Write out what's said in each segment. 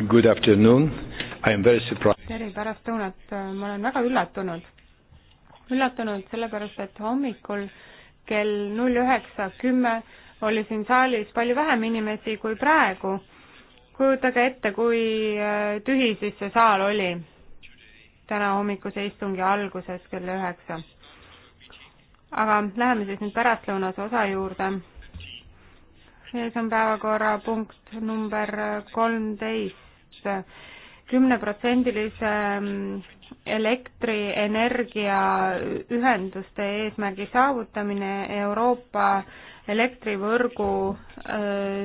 Good afternoon. I am very surprised. tere pärastlõunat, ma olen väga üllatunud. üllatunud sellepärast, et hommikul kell null üheksa kümme oli siin saalis palju vähem inimesi kui praegu. kujutage ette, kui äh, tühi siis see saal oli täna hommikuse istungi alguses kell üheksa. aga läheme siis nüüd pärastlõunase osa juurde. ees on päevakorrapunkt number kolmteist kümneprotsendilise mm, elektrienergia ühenduste eesmärgi saavutamine, Euroopa elektrivõrgu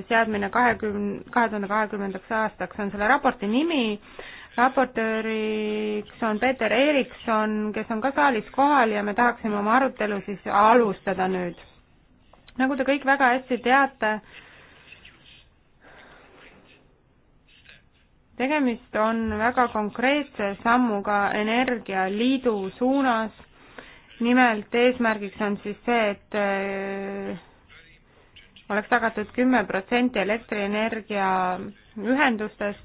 seadmine kahekümne, kahe tuhande kahekümnendaks aastaks on selle raporti nimi, raportööriks on Peeter Erikson, kes on ka saalis kohal ja me tahaksime oma arutelu siis alustada nüüd. nagu te kõik väga hästi teate, tegemist on väga konkreetse sammuga Energialiidu suunas. nimelt eesmärgiks on siis see, et äh, oleks tagatud kümme protsenti elektrienergia ühendustest.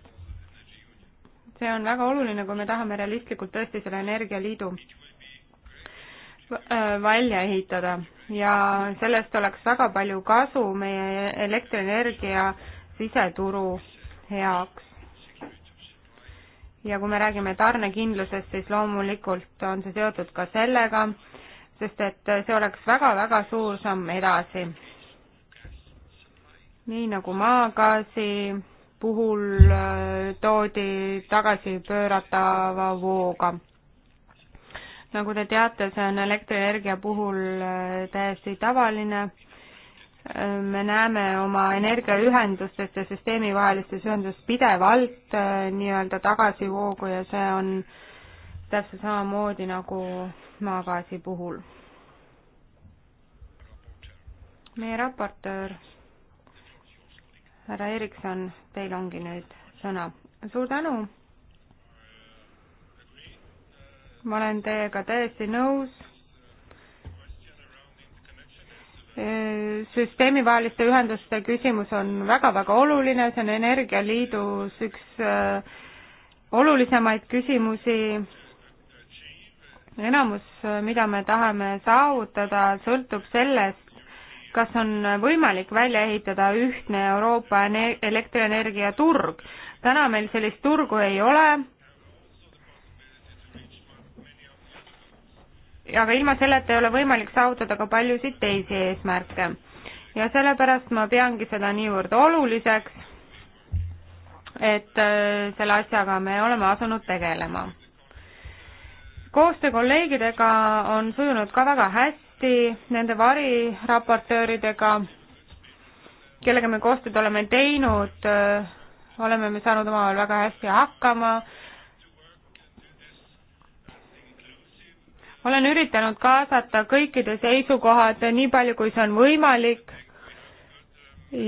see on väga oluline, kui me tahame realistlikult tõesti selle Energialiidu äh, välja ehitada ja sellest oleks väga palju kasu meie elektrienergia siseturu heaks ja kui me räägime tarnekindlusest, siis loomulikult on see seotud ka sellega, sest et see oleks väga-väga suur samm edasi. nii nagu maagaasi puhul äh, toodi tagasipööratava vooga. nagu te teate, see on elektrienergia puhul äh, täiesti tavaline me näeme oma energiaühendustest ja süsteemi vahelistes ühendustes pidevalt äh, nii-öelda tagasivoogu ja see on täpselt samamoodi nagu maagaasi puhul. meie raportöör härra Erikson, teil ongi nüüd sõna. suur tänu! ma olen teiega täiesti nõus Äh, süsteemivaheliste ühenduste küsimus on väga-väga oluline, see on Energialiidus üks äh, olulisemaid küsimusi. enamus, äh, mida me tahame saavutada, sõltub sellest, kas on võimalik välja ehitada ühtne Euroopa elektrienergia turg. täna meil sellist turgu ei ole aga ilma selleta ei ole võimalik saavutada ka paljusid teisi eesmärke. ja sellepärast ma peangi seda niivõrd oluliseks, et äh, selle asjaga me oleme asunud tegelema. koostöö kolleegidega on sujunud ka väga hästi, nende variraportööridega, kellega me koostööd oleme teinud, äh, oleme me saanud omavahel väga hästi hakkama olen üritanud kaasata kõikide seisukohad nii palju, kui see on võimalik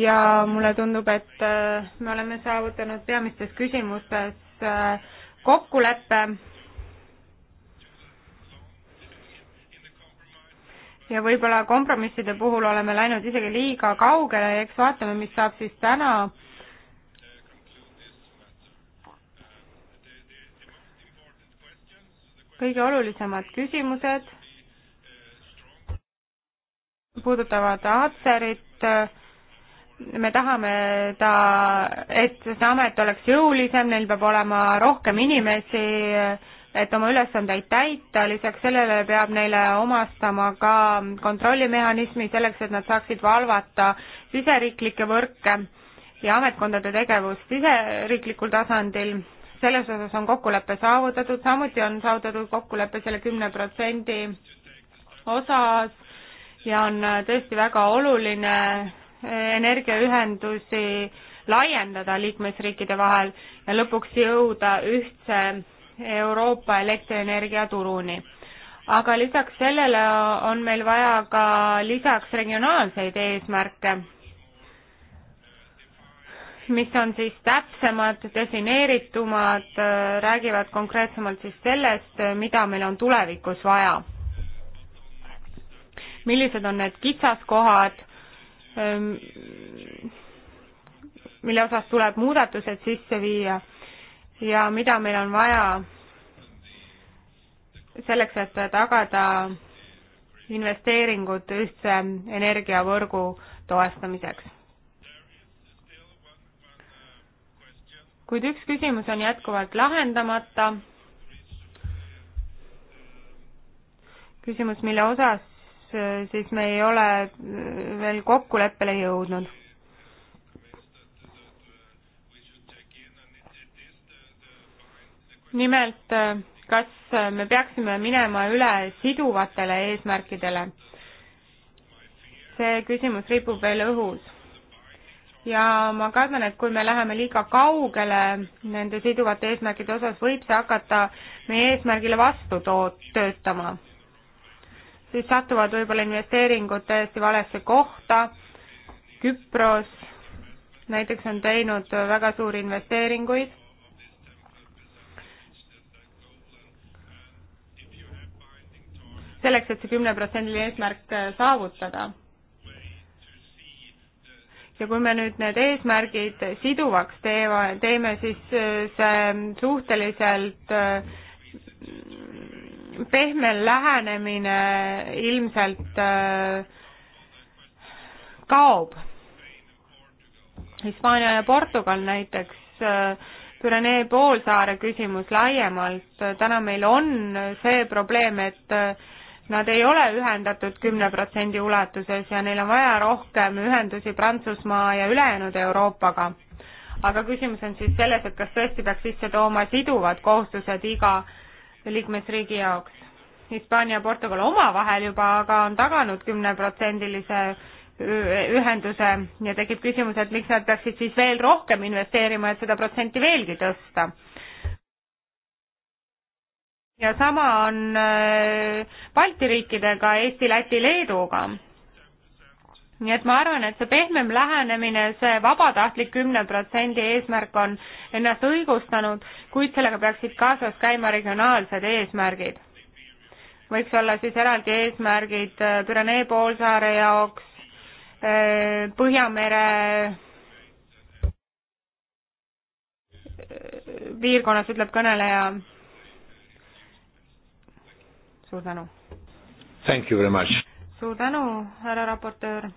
ja mulle tundub, et äh, me oleme saavutanud peamistes küsimustes äh, kokkuleppe ja võib-olla kompromisside puhul oleme läinud isegi liiga kaugele ja eks vaatame, mis saab siis täna kõige olulisemad küsimused puudutavad Atserit, me tahame ta, et see amet oleks jõulisem, neil peab olema rohkem inimesi, et oma ülesandeid täita, lisaks sellele peab neile omastama ka kontrollimehhanismi selleks, et nad saaksid valvata siseriiklikke võrke ja ametkondade tegevust siseriiklikul tasandil selles osas on kokkulepe saavutatud, samuti on saavutatud kokkulepe selle kümne protsendi osas ja on tõesti väga oluline energiaühendusi laiendada liikmesriikide vahel ja lõpuks jõuda ühtse Euroopa elektrienergiaturuni. aga lisaks sellele on meil vaja ka lisaks regionaalseid eesmärke mis on siis täpsemad, defineeritumad, äh, räägivad konkreetsemalt siis sellest, äh, mida meil on tulevikus vaja. millised on need kitsaskohad, ähm, mille osas tuleb muudatused sisse viia ja mida meil on vaja selleks, et tagada investeeringud ühtse energiavõrgu toestamiseks kuid üks küsimus on jätkuvalt lahendamata. küsimus, mille osas äh, siis me ei ole äh, veel kokkuleppele jõudnud. nimelt, äh, kas me peaksime minema üle siduvatele eesmärkidele? see küsimus ripub veel õhus ja ma kardan, et kui me läheme liiga kaugele nende siduvate eesmärkide osas, võib see hakata meie eesmärgile vastu toot-, töötama. siis satuvad võib-olla investeeringud täiesti valesse kohta, Küpros näiteks on teinud väga suuri investeeringuid, selleks, et see kümneprotsendiline eesmärk saavutada ja kui me nüüd need eesmärgid siduvaks teeva, teeme, siis äh, see suhteliselt äh, pehme lähenemine ilmselt äh, kaob. Hispaania ja Portugal näiteks, Pürenee poolsaare küsimus laiemalt, täna meil on see probleem, et Nad ei ole ühendatud kümne protsendi ulatuses ja neil on vaja rohkem ühendusi Prantsusmaa ja ülejäänud Euroopaga. aga küsimus on siis selles, et kas tõesti peaks sisse tooma siduvad kohustused iga liikmesriigi jaoks. Hispaania ja Portugal omavahel juba aga on taganud kümneprotsendilise ühenduse ja tekib küsimus, et miks nad peaksid siis veel rohkem investeerima, et seda protsenti veelgi tõsta ja sama on äh, Balti riikidega, Eesti, Läti, Leeduga. nii et ma arvan, et see pehmem lähenemine, see vabatahtlik kümne protsendi eesmärk on ennast õigustanud, kuid sellega peaksid kaasas käima regionaalsed eesmärgid. võiks olla siis eraldi eesmärgid äh, Pürenee poolsaare jaoks, äh, Põhjamere piirkonnas, ütleb kõneleja suur tänu! Thank you very much! suur tänu, härra raportöör!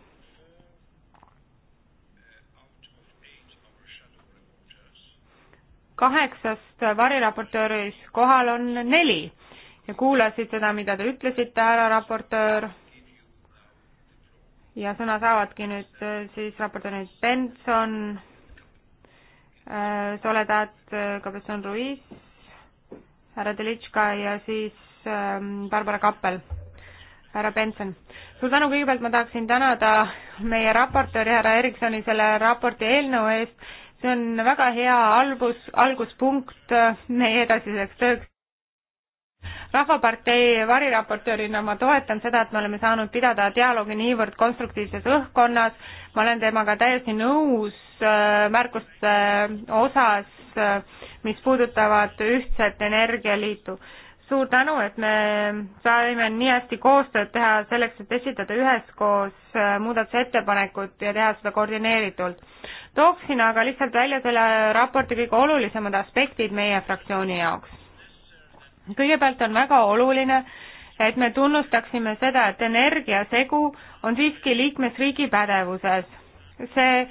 kaheksast variraportöörist kohal on neli ja kuulasid seda, mida te ütlesite, härra raportöör. ja sõna saavadki nüüd äh, siis raportöörid Benson, äh, Soledad äh, Cabezon Ruiz, härra Delitška ja siis Ähm, Barbara Kappel. härra Benson, suur tänu, kõigepealt ma tahaksin tänada meie raportööri härra Eriksoni selle raporti eelnõu eest, see on väga hea algus, alguspunkt äh, meie edasiseks tööks. rahvapartei variraportöörina ma toetan seda, et me oleme saanud pidada dialoogi niivõrd konstruktiivses õhkkonnas, ma olen temaga täiesti nõus äh, märkuste äh, osas, mis puudutavad ühtset energialiitu suur tänu, et me saime nii hästi koostööd teha selleks, et esitada üheskoos äh, muudatusettepanekud ja teha seda koordineeritult. tooksin aga lihtsalt välja selle raporti kõige olulisemad aspektid meie fraktsiooni jaoks. kõigepealt on väga oluline, et me tunnustaksime seda, et energiasegu on siiski liikmesriigi pädevuses. see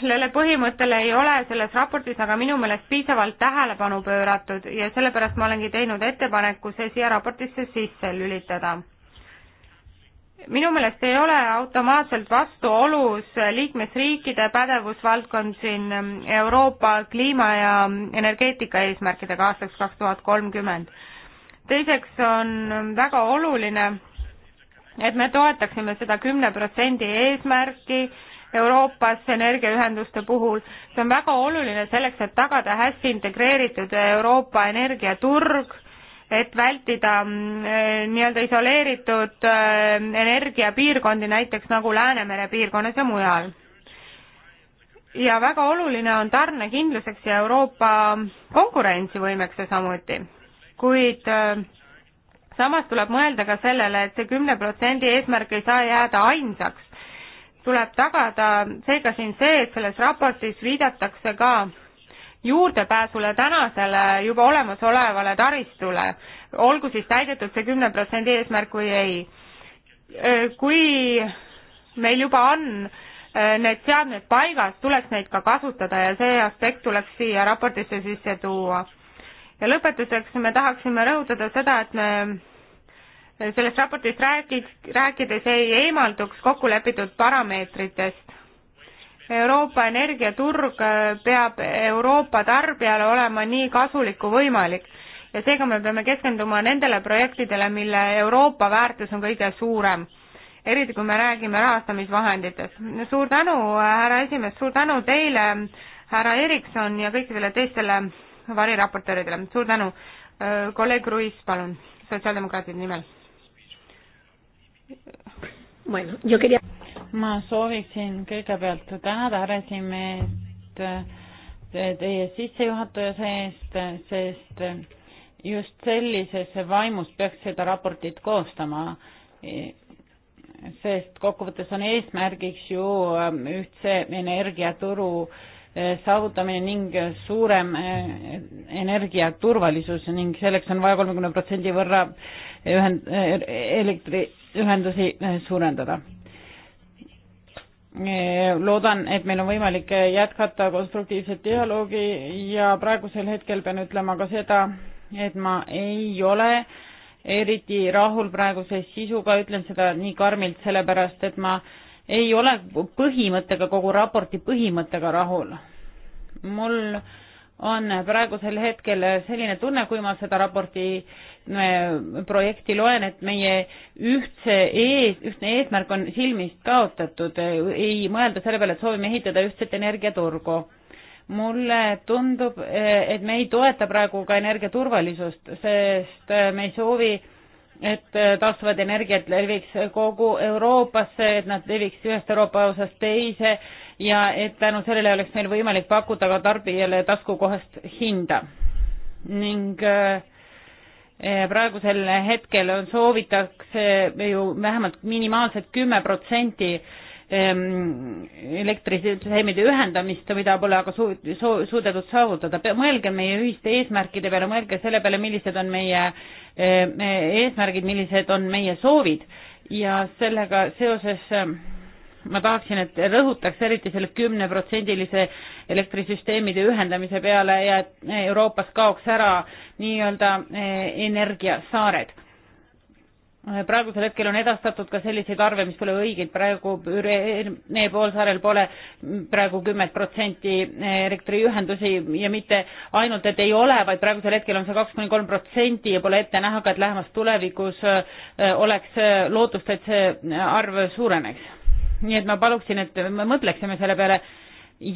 sellele põhimõttele ei ole selles raportis aga minu meelest piisavalt tähelepanu pööratud ja sellepärast ma olengi teinud ettepaneku see siia raportisse sisse lülitada. minu meelest ei ole automaatselt vastuolus liikmesriikide pädevusvaldkond siin Euroopa kliima- ja energeetikaeesmärkidega aastaks kaks tuhat kolmkümmend. teiseks on väga oluline, et me toetaksime seda kümne protsendi eesmärki Euroopas energiaühenduste puhul. see on väga oluline selleks, et tagada hästi integreeritud Euroopa energiaturg, et vältida mm, eh, nii-öelda isoleeritud eh, energiapiirkondi, näiteks nagu Läänemere piirkonnas ja mujal ja väga oluline on tarnekindluseks ja Euroopa konkurentsivõimeks ja samuti. kuid eh, samas tuleb mõelda ka sellele, et see kümne protsendi eesmärk ei saa jääda ainsaks tuleb tagada seega siin see, et selles raportis viidatakse ka juurdepääsule tänasele juba olemasolevale taristule, olgu siis täidetud see kümne protsendi eesmärk või ei. kui meil juba on need seadmed paigas, tuleks neid ka kasutada ja see aspekt tuleks siia raportisse sisse tuua. ja lõpetuseks me tahaksime rõhutada seda, et me sellest raportist räägid, rääkides ei eemalduks kokkulepitud parameetritest. Euroopa energiaturg äh, peab Euroopa tarbijale olema nii kasulik kui võimalik ja seega me peame keskenduma nendele projektidele, mille Euroopa väärtus on kõige suurem, eriti kui me räägime rahastamisvahenditest. suur tänu, härra esimees, suur tänu teile, härra Erikson ja kõikidele teistele variraportööridele, suur tänu. Äh, kolleeg Ruiz, palun, sotsiaaldemokraatide nimel Bueno, yo quería... ma sooviksin kõigepealt tänada härra esimeest eh, teie sissejuhatuse eest, sest just sellises vaimus peaks seda raportit koostama, eh, sest kokkuvõttes on eesmärgiks ju eh, ühtse energiaturu äh, Eh, saavutamine ning eh, suurem eh, energiaturvalisus ning selleks on vaja kolmekümne protsendi võrra ühend-, elektriühendusi suurendada. loodan, et meil on võimalik jätkata konstruktiivset dialoogi ja praegusel hetkel pean ütlema ka seda, et ma ei ole eriti rahul praeguse sisuga, ütlen seda nii karmilt, sellepärast et ma äh, ei ole põhimõttega, kogu raporti põhimõttega rahul. mul on praegusel hetkel selline tunne, kui ma seda raporti projekti loen, et meie ühtse ees, ühtne eesmärk on silmist kaotatud, ei mõelda selle peale, et soovime ehitada ühtset energiaturgu. mulle tundub, et me ei toeta praegu ka energiaturvalisust, sest me ei soovi et äh, taastuvad energiat leviks kogu Euroopasse, et nad leviks ühest Euroopa osast teise ja et tänu sellele oleks meil võimalik pakkuda ka tarbijale taskukohast hinda. ning äh, äh, praegusel hetkel on, soovitakse ju vähemalt minimaalselt kümme protsenti Ehm, elektrisüsteemide ühendamist, mida pole aga su su suudetud saavutada. mõelge meie ühiste eesmärkide peale, mõelge selle peale, millised on meie ehm, eesmärgid, millised on meie soovid ja sellega seoses ehm, ma tahaksin, et rõhutaks eriti selle kümneprotsendilise elektrisüsteemide ühendamise peale ja et Euroopas kaoks ära nii-öelda eh, energiasaared praegusel hetkel on edastatud ka selliseid arve, mis pole õigeid, praegu Pürenee poolsaarel pole praegu kümmet protsenti elektriühendusi ja mitte ainult, et ei ole, vaid praegusel hetkel on see kaks kuni kolm protsenti ja pole ette näha ka, et lähemas tulevikus äh, oleks äh, lootust, et see arv suureneks. nii et ma paluksin, et me mõtleksime selle peale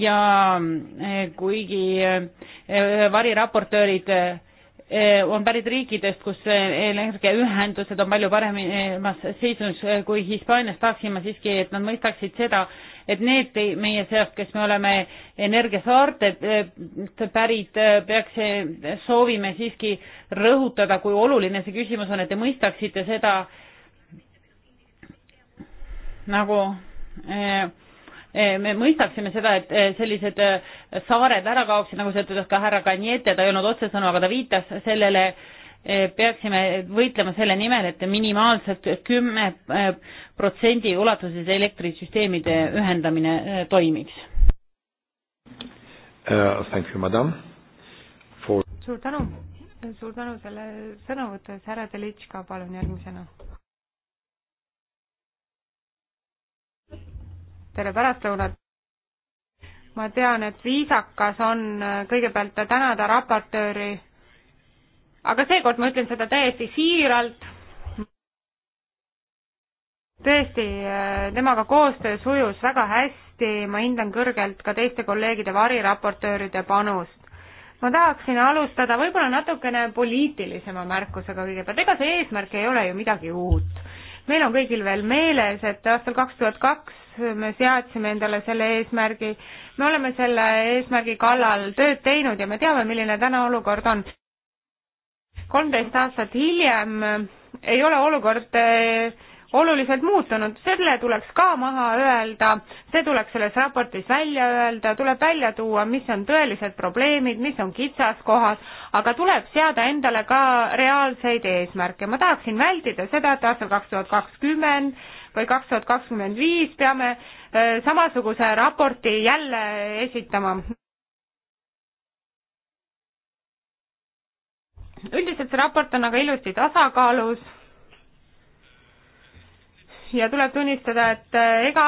ja äh, kuigi variraportöörid Eh, on pärit riikidest, kus eh, energiaühendused on palju paremas seisus eh, kui Hispaanias, tahaksime siiski, et nad mõistaksid seda, et need meie seast, kes me oleme energiasaartelt pärit, peaks, soovime siiski rõhutada, kui oluline see küsimus on, et te mõistaksite seda nagu eh, Eh, me mõistaksime seda, et eh, sellised eh, saared ära kaoksid, nagu see ütles ka härra Kaniete, ta ei olnud otsesõnu, aga ta viitas sellele, peaksime võitlema selle nimel, et minimaalselt kümme protsendi ulatuses elektrisüsteemide ühendamine toimiks uh,. Thank you, madam For.... suur tänu, suur tänu selle sõnavõtu eest, härra Delitška, palun järgmisena tere pärastlõunat! ma tean, et viisakas on äh, kõigepealt tänada raportööri, aga seekord ma ütlen seda täiesti siiralt. tõesti, äh, temaga koostöö sujus väga hästi, ma hindan kõrgelt ka teiste kolleegide variraportööride panust. ma tahaksin alustada võib-olla natukene poliitilisema märkusega kõigepealt, ega see eesmärk ei ole ju midagi uut. meil on kõigil veel meeles, et aastal kaks tuhat kaks me seadsime endale selle eesmärgi, me oleme selle eesmärgi kallal tööd teinud ja me teame, milline täna olukord on. kolmteist aastat hiljem ei ole olukord eh, oluliselt muutunud, selle tuleks ka maha öelda, see tuleks selles raportis välja öelda, tuleb välja tuua, mis on tõelised probleemid, mis on kitsaskohad, aga tuleb seada endale ka reaalseid eesmärke. ma tahaksin vältida seda, et aastal kaks tuhat kakskümmend või kaks tuhat kakskümmend viis peame äh, samasuguse raporti jälle esitama. üldiselt see raport on aga ilusti tasakaalus ja tuleb tunnistada, et äh, ega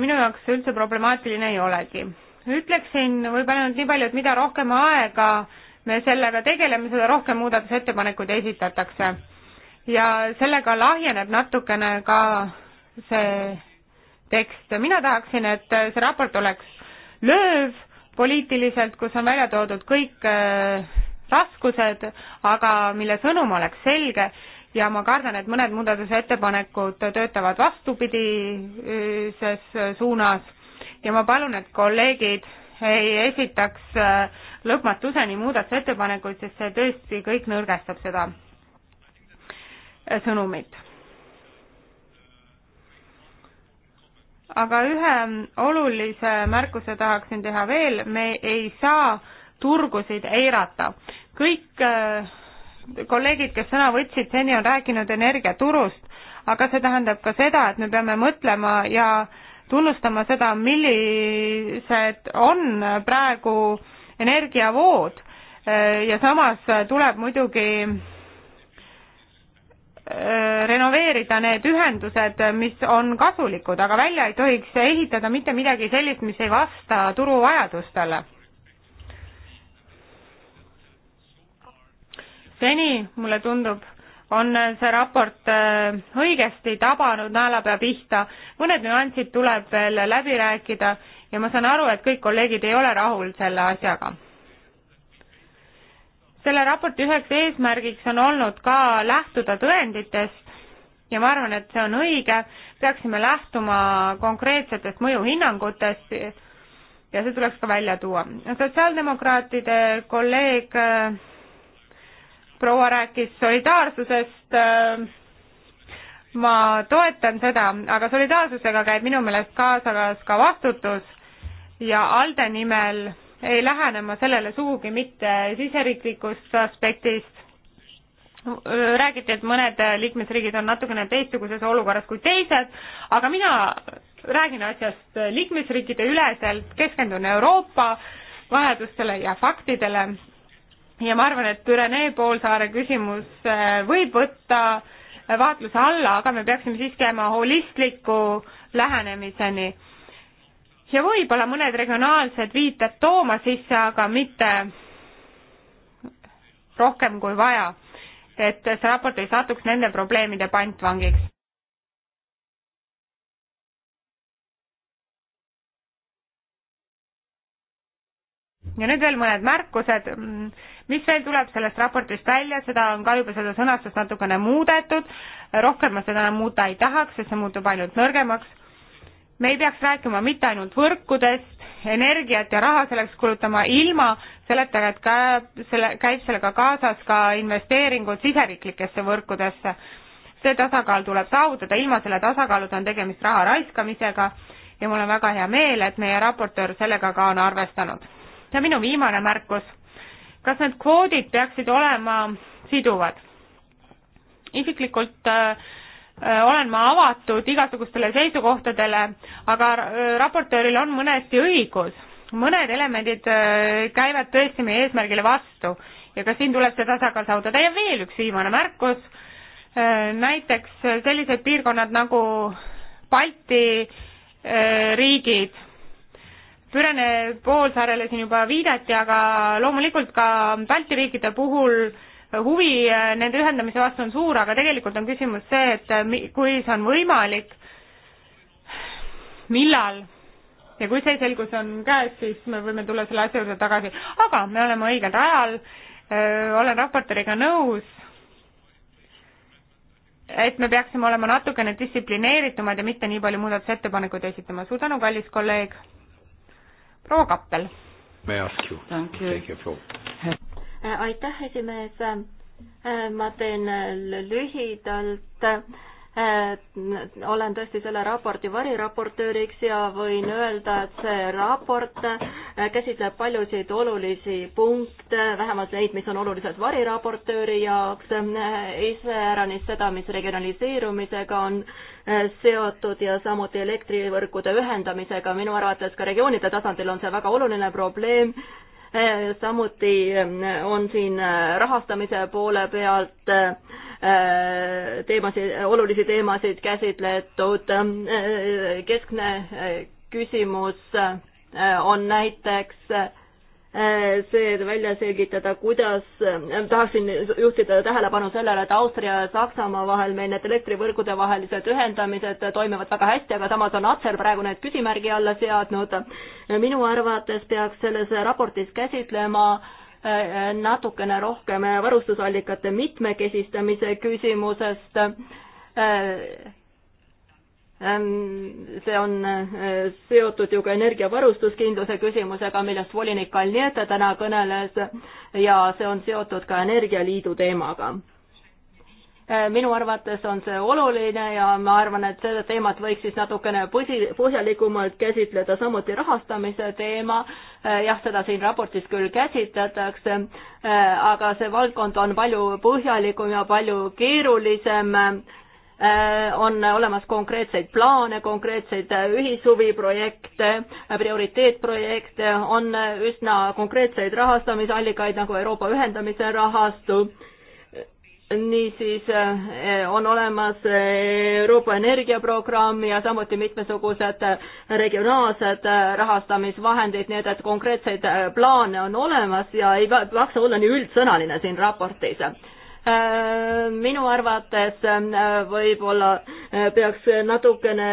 minu jaoks üldse problemaatiline ei olegi. ütleksin võib-olla ainult nii palju, et mida rohkem aega me sellega tegeleme, seda rohkem muudatusettepanekuid esitatakse. ja sellega lahjeneb natukene ka see tekst, mina tahaksin, et see raport oleks lööv poliitiliselt, kus on välja toodud kõik äh, raskused, aga mille sõnum oleks selge ja ma kardan, et mõned muudatusettepanekud töötavad vastupidises äh, äh, suunas ja ma palun, et kolleegid ei esitaks lõpmatuseni muudatusettepanekuid, sest see tõesti kõik nõrgestab seda sõnumit aga ühe olulise märkuse tahaksin teha veel, me ei saa turgusid eirata. kõik äh, kolleegid, kes sõna võtsid, seni on rääkinud energiaturust, aga see tähendab ka seda, et me peame mõtlema ja tunnustama seda, millised on praegu energiavood äh, ja samas tuleb muidugi Äh, renoveerida need ühendused, mis on kasulikud, aga välja ei tohiks ehitada mitte midagi sellist, mis ei vasta turu vajadustele. seni, mulle tundub, on see raport äh, õigesti tabanud naelapea pihta, mõned nüansid tuleb veel läbi rääkida ja ma saan aru, et kõik kolleegid ei ole rahul selle asjaga selle raporti üheks eesmärgiks on olnud ka lähtuda tõenditest ja ma arvan, et see on õige, peaksime lähtuma konkreetsetest mõjuhinnangutest ja see tuleks ka välja tuua. sotsiaaldemokraatide kolleeg äh, proua rääkis solidaarsusest, äh, ma toetan seda, aga solidaarsusega käib minu meelest kaasas ka vastutus ja ALDE nimel ei lähene ma sellele sugugi mitte siseriiklikust aspektist. räägiti, et mõned liikmesriigid on natukene teistsuguses olukorras kui teised, aga mina räägin asjast liikmesriikide üleselt, keskendun Euroopa vajadustele ja faktidele ja ma arvan, et Pürenee poolsaare küsimus äh, võib võtta vaatluse alla, aga me peaksime siiski jääma holistliku lähenemiseni ja võib-olla mõned regionaalsed viited tooma sisse, aga mitte rohkem kui vaja, et see raport ei satuks nende probleemide pantvangiks. ja nüüd veel mõned märkused, mis veel tuleb sellest raportist välja, seda on ka juba seda sõnastust natukene muudetud, rohkem ma seda enam muuta ei tahaks, sest see muutub ainult nõrgemaks me ei peaks rääkima mitte ainult võrkudest, energiat ja raha selleks kulutama, ilma selleta, et ka selle, käib sellega kaasas ka investeeringud siseriiklikesse võrkudesse. see tasakaal tuleb saavutada, ilma selle tasakaaluta on tegemist raha raiskamisega ja mul on väga hea meel, et meie raportöör sellega ka on arvestanud. ja minu viimane märkus, kas need kvoodid peaksid olema siduvad? isiklikult äh, Äh, olen ma avatud igasugustele seisukohtadele, aga äh, raportööril on mõneti õigus. mõned elemendid äh, käivad tõesti meie eesmärgile vastu ja ka siin tuleb see tasakaal saavutada ja veel üks viimane märkus, näiteks sellised piirkonnad nagu Balti riigid, Pürene poolsaarele siin juba viidati, aga loomulikult ka Balti riikide puhul äh, huvi äh, nende ühendamise vastu on suur, aga tegelikult on küsimus see, et äh, kui see on võimalik, millal ja kui see selgus on käes, siis me võime tulla selle asja juurde tagasi, aga me oleme õigel rajal, äh, olen raportööriga nõus, et me peaksime olema natukene distsiplineeritumad ja mitte nii palju muudatusettepanekuid esitama. suur tänu, kallis kolleeg. proua Kappel. May I ask you Thank you. to take your floor? aitäh, esimees. Äh, ma teen äh, lühidalt. Äh, olen tõesti selle raporti variraportööriks ja võin öelda, et see raport käsitleb paljusid olulisi punkte, vähemalt neid, mis on olulised variraportööri jaoks, iseäranis seda, mis regionaliseerumisega on seotud ja samuti elektrivõrkude ühendamisega, minu arvates ka regioonide tasandil on see väga oluline probleem samuti ähm, on siin äh, rahastamise poole pealt äh, teemasid, olulisi teemasid käsitletud. Ähm, äh, keskne küsimus on näiteks Äh, see välja selgitada, kuidas, äh, tahaksin juhtida tähelepanu sellele, et Austria ja Saksamaa vahel meil need elektrivõrgude vahelised ühendamised toimivad väga hästi, aga samas on Atser praegu need küsimärgi alla seadnud. minu arvates peaks selles raportis käsitlema äh, natukene rohkem varustusallikate mitmekesistamise küsimusest Ähm, see on äh, seotud ju ka energiavarustuskindluse küsimusega, millest volinik Kalniete täna kõneles ja see on seotud ka Energialiidu teemaga. Äh, minu arvates on see oluline ja ma arvan, et seda teemat võiks siis natukene põsi, põhjalikumalt käsitleda, samuti rahastamise teema, äh, jah, seda siin raportis küll käsitletakse, aga see valdkond on palju põhjalikum ja palju keerulisem Äh, on olemas konkreetseid plaane, konkreetseid äh, ühishuviprojekte, äh, prioriteetprojekte, on üsna konkreetseid rahastamisallikaid nagu Euroopa ühendamise rahastu, niisiis on olemas Euroopa energiaprogramm ja samuti mitmesugused regionaalsed rahastamisvahendid, nii et, et konkreetseid plaane on olemas ja ei maksa olla nii üldsõnaline siin raportis Äh, minu arvates äh, võib-olla äh, peaks natukene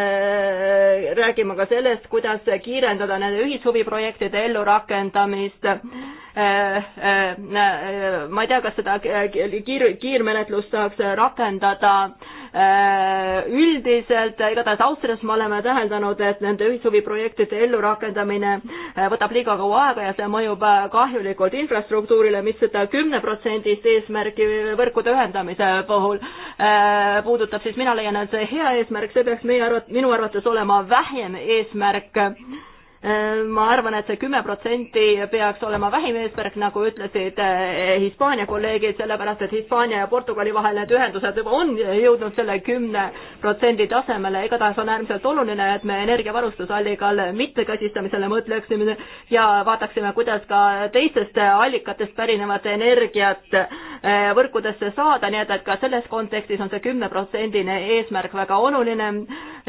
rääkima ka sellest, kuidas kiirendada nende ühishuviprojektide ellurakendamist. ma ei tea, kas seda kiir, kiirmenetlust saaks rakendada üldiselt, igatahes Austrias me oleme täheldanud, et nende ühishuviprojektide ellurakendamine Äh, võtab liiga kaua aega ja see mõjub äh, kahjulikult infrastruktuurile, mis seda kümne protsendist eesmärki võrkude ühendamise puhul äh, puudutab, siis mina leian, et see hea eesmärk, see peaks meie arvat-, minu arvates olema vähem eesmärk Ehm, ma arvan, et see kümme protsenti peaks olema vähim eesmärk, nagu ütlesid eh, Hispaania kolleegid, sellepärast et Hispaania ja Portugali vahel need ühendused juba on jõudnud selle kümne protsendi tasemele, igatahes on äärmiselt oluline, et me energiavarustusallikal mitmekesistamisele mõtleksime ja vaataksime, kuidas ka teistest allikatest pärinevat energiat eh, võrkudesse saada, nii et, et ka selles kontekstis on see kümneprotsendine eesmärk väga oluline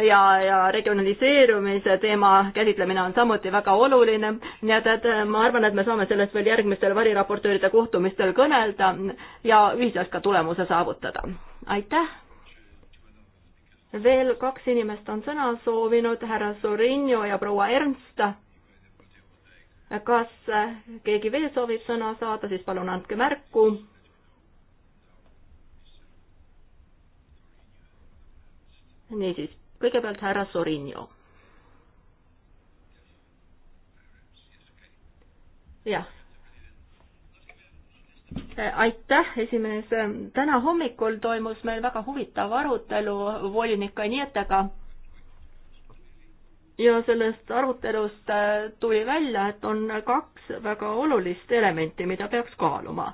ja, ja regionaliseerumise teema käsitlemine on samuti samuti väga oluline, nii et, et äh, ma arvan, et me saame sellest veel järgmistel variraportööride kohtumistel kõnelda ja ühiselt ka tulemuse saavutada. aitäh! veel kaks inimest on sõna soovinud, härra Sorinio ja proua Ernst. kas äh, keegi veel soovib sõna saada, siis palun andke märku. niisiis, kõigepealt härra Sorinio jah. aitäh, esimees. täna hommikul toimus meil väga huvitav arutelu volinik Anietega. ja sellest arutelust äh, tuli välja, et on kaks väga olulist elementi, mida peaks kaaluma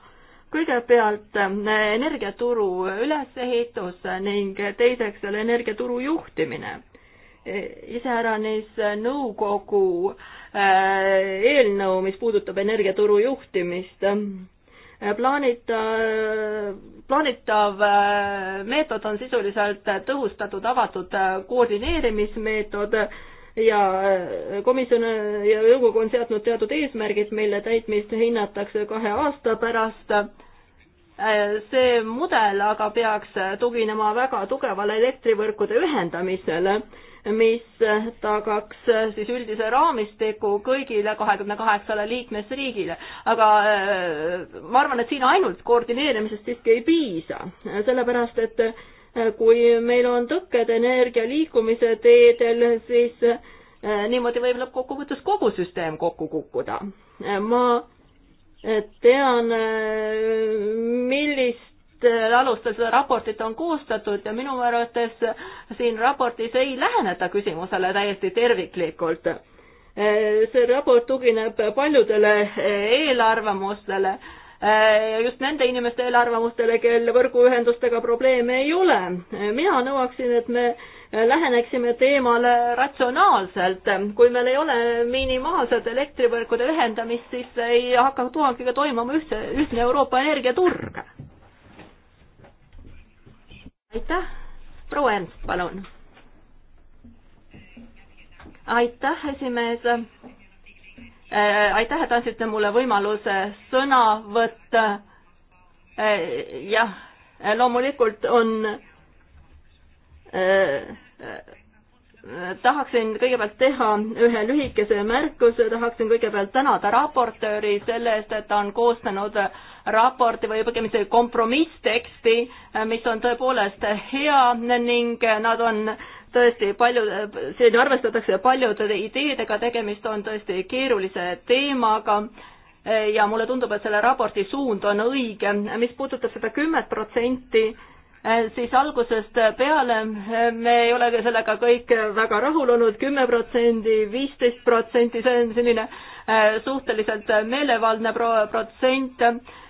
kõigepealt äh, energiaturu ülesehitus ning teiseks selle energiaturu juhtimine. iseäranis nõukogu äh, Äh, eelnõu, mis puudutab energiaturu juhtimist. plaanita, plaanitav äh, meetod on sisuliselt tõhustatud avatud äh, koordineerimismeetod ja komisjon ja nõukogu on seadnud teatud eesmärgid, mille täitmist hinnatakse kahe aasta pärast see mudel aga peaks tuginema väga tugevale elektrivõrkude ühendamisele mis tagaks siis üldise raamistiku kõigile kahekümne kaheksale liikmesriigile. aga äh, ma arvan, et siin ainult koordineerimisest siiski ei piisa, sellepärast et äh, kui meil on tõkked energia liikumise teedel, siis äh, niimoodi võib lõppkokkuvõttes kogu süsteem kokku kukkuda. ma tean, millist Äh, alustel seda raportit on koostatud ja minu arvates siin raportis ei läheneta küsimusele täiesti terviklikult. Äh, see raport tugineb paljudele äh, eelarvamustele, just nende inimeste eelarvamustele, kel võrguühendustega probleeme ei ole. mina nõuaksin, et me läheneksime teemale ratsionaalselt. kui meil ei ole minimaalset elektrivõrkude ühendamist, siis ei hakka kunagi ka toimuma ühtse, ühtne Euroopa energiaturg aitäh, proua Ernst, palun. aitäh, esimees. Äh, aitäh, et andsite mulle võimaluse sõna võtta. Äh, jah, loomulikult on äh, tahaksin kõigepealt teha ühe lühikese märkuse, tahaksin kõigepealt tänada raportööri selle eest, et ta on koostanud raporti või põgemisi kompromissteksti, mis on tõepoolest hea ning nad on tõesti palju, siin arvestatakse paljude ideedega, tegemist on tõesti keerulise teemaga ja mulle tundub, et selle raporti suund on õige. mis puudutab seda kümmet protsenti, Äh, siis algusest peale äh, me ei ole sellega kõik väga rahul olnud, kümme protsendi, viisteist protsenti, see on selline äh, suhteliselt meelevaldne pro protsent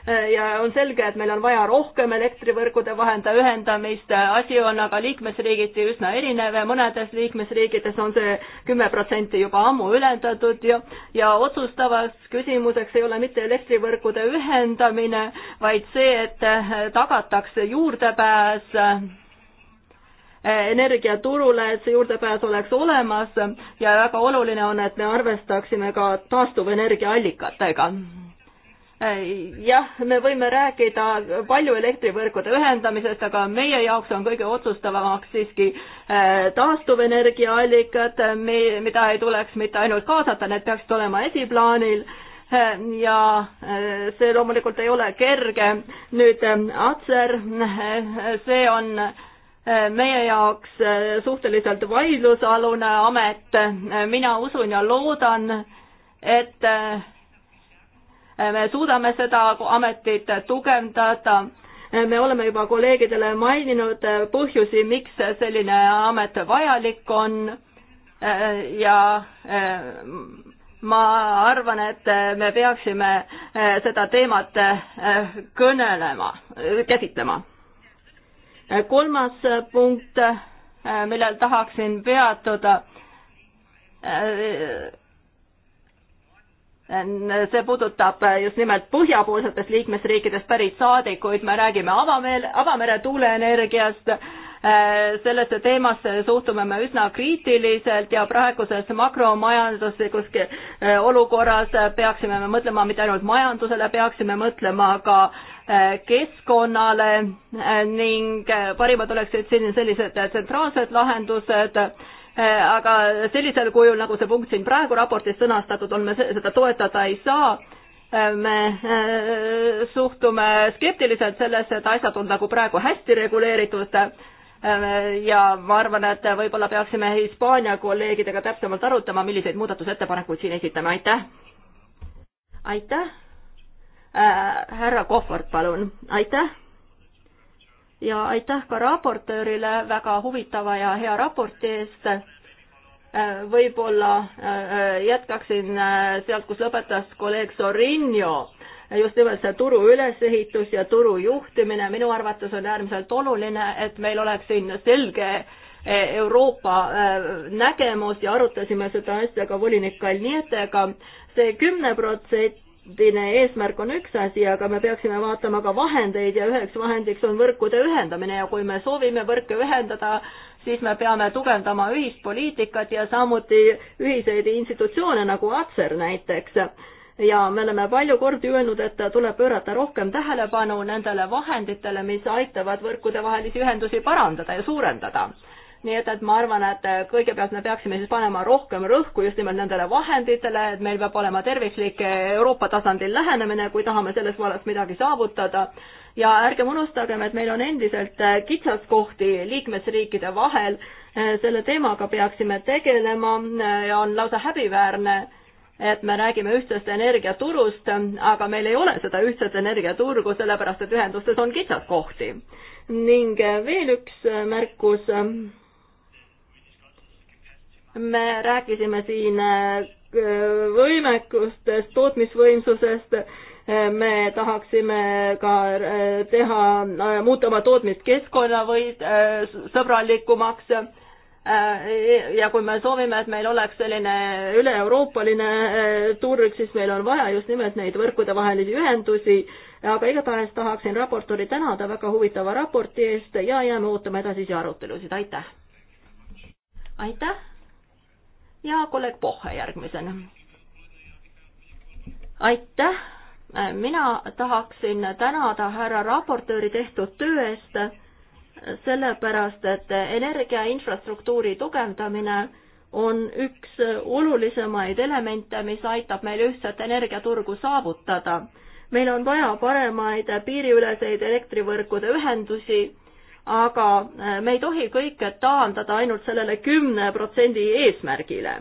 Äh, ja on selge, et meil on vaja rohkem elektrivõrgude vahenda ühendamist, äh, asi on aga liikmesriigiti üsna erinev, mõnedes liikmesriikides on see kümme protsenti juba ammu ülendatud ja, ja otsustavas küsimuseks ei ole mitte elektrivõrgude ühendamine, vaid see, et äh, tagatakse juurdepääs energiaturule, et see juurdepääs oleks olemas ja väga oluline on, et me arvestaksime ka taastuvenergiaallikatega jah, me võime rääkida palju elektrivõrkude ühendamisest, aga meie jaoks on kõige otsustavamaks siiski äh, taastuvenergiaallikad, mida ei tuleks mitte ainult kaasata, need peaksid olema esiplaanil äh, ja äh, see loomulikult ei ole kerge. nüüd Atser, see on meie jaoks suhteliselt vaidlusalune amet, mina usun ja loodan, et me suudame seda ametit tugevdada me oleme juba kolleegidele maininud põhjusi, miks selline amet vajalik on ja eh, ma arvan, et me peaksime eh, seda teemat eh, kõnelema, käsitlema. kolmas punkt, millel tahaksin peatuda, see puudutab just nimelt põhjapoolsetest liikmesriikidest pärit saadikuid, me räägime avameel, avamere tuuleenergiast, sellesse teemasse suhtume me üsna kriitiliselt ja praeguses makromajanduslikus eh, olukorras peaksime me mõtlema mitte ainult majandusele, peaksime mõtlema ka eh, keskkonnale eh, ning parimad oleksid siin sellised tsentraalsed lahendused Äh, aga sellisel kujul, nagu see punkt siin praegu raportis sõnastatud on, me seda toetada ei saa. Äh, me äh, suhtume skeptiliselt sellesse, et asjad on nagu praegu hästi reguleeritud ja ma arvan, et võib-olla peaksime Hispaania kolleegidega täpsemalt arutama, milliseid muudatusettepanekuid siin esitame, aitäh. aitäh äh,. härra Kohvart, palun, aitäh ja aitäh ka raportöörile väga huvitava ja hea raporti eest. võib-olla äh, jätkaksin äh, sealt, kus lõpetas kolleeg Sorinio, just nimelt see turu ülesehitus ja turu juhtimine, minu arvates on äärmiselt oluline, et meil oleks siin selge e, Euroopa e, nägemus ja arutasime seda asja ka volinik Kalnietega see, see kümne protsenti üldine eesmärk on üks asi, aga me peaksime vaatama ka vahendeid ja üheks vahendiks on võrkude ühendamine ja kui me soovime võrke ühendada, siis me peame tugevdama ühist poliitikat ja samuti ühiseid institutsioone nagu ACER näiteks. ja me oleme palju kordi öelnud, et tuleb pöörata rohkem tähelepanu nendele vahenditele, mis aitavad võrkudevahelisi ühendusi parandada ja suurendada nii et, et ma arvan, et kõigepealt me peaksime siis panema rohkem rõhku just nimelt nendele vahenditele, et meil peab olema terviklik Euroopa tasandil lähenemine, kui tahame selles vallas midagi saavutada. ja ärgem unustagem, et meil on endiselt kitsaskohti liikmesriikide vahel, selle teemaga peaksime tegelema ja on lausa häbiväärne, et me räägime ühtsest energiaturust, aga meil ei ole seda ühtset energiaturgu, sellepärast et ühendustes on kitsaskohti. ning veel üks märkus me rääkisime siin äh, võimekustest, tootmisvõimsusest, me tahaksime ka äh, teha, äh, muuta oma tootmist keskkonnavõid-, sõbralikumaks ja kui me soovime, et meil oleks selline üle-euroopaline turg, siis meil on vaja just nimelt neid võrkudevahelisi ühendusi, aga igatahes tahaksin raportööri tänada väga huvitava raporti eest ja jääme ootama edasisi arutelusid, aitäh! aitäh! ja kolleeg Pohhe järgmisena. aitäh, mina tahaksin tänada härra raportööri tehtud töö eest, sellepärast et energiainfrastruktuuri tugevdamine on üks olulisemaid elemente, mis aitab meil ühtset energiaturgu saavutada. meil on vaja paremaid piiriüleseid elektrivõrkude ühendusi aga äh, me ei tohi kõike taandada ainult sellele kümne protsendi eesmärgile.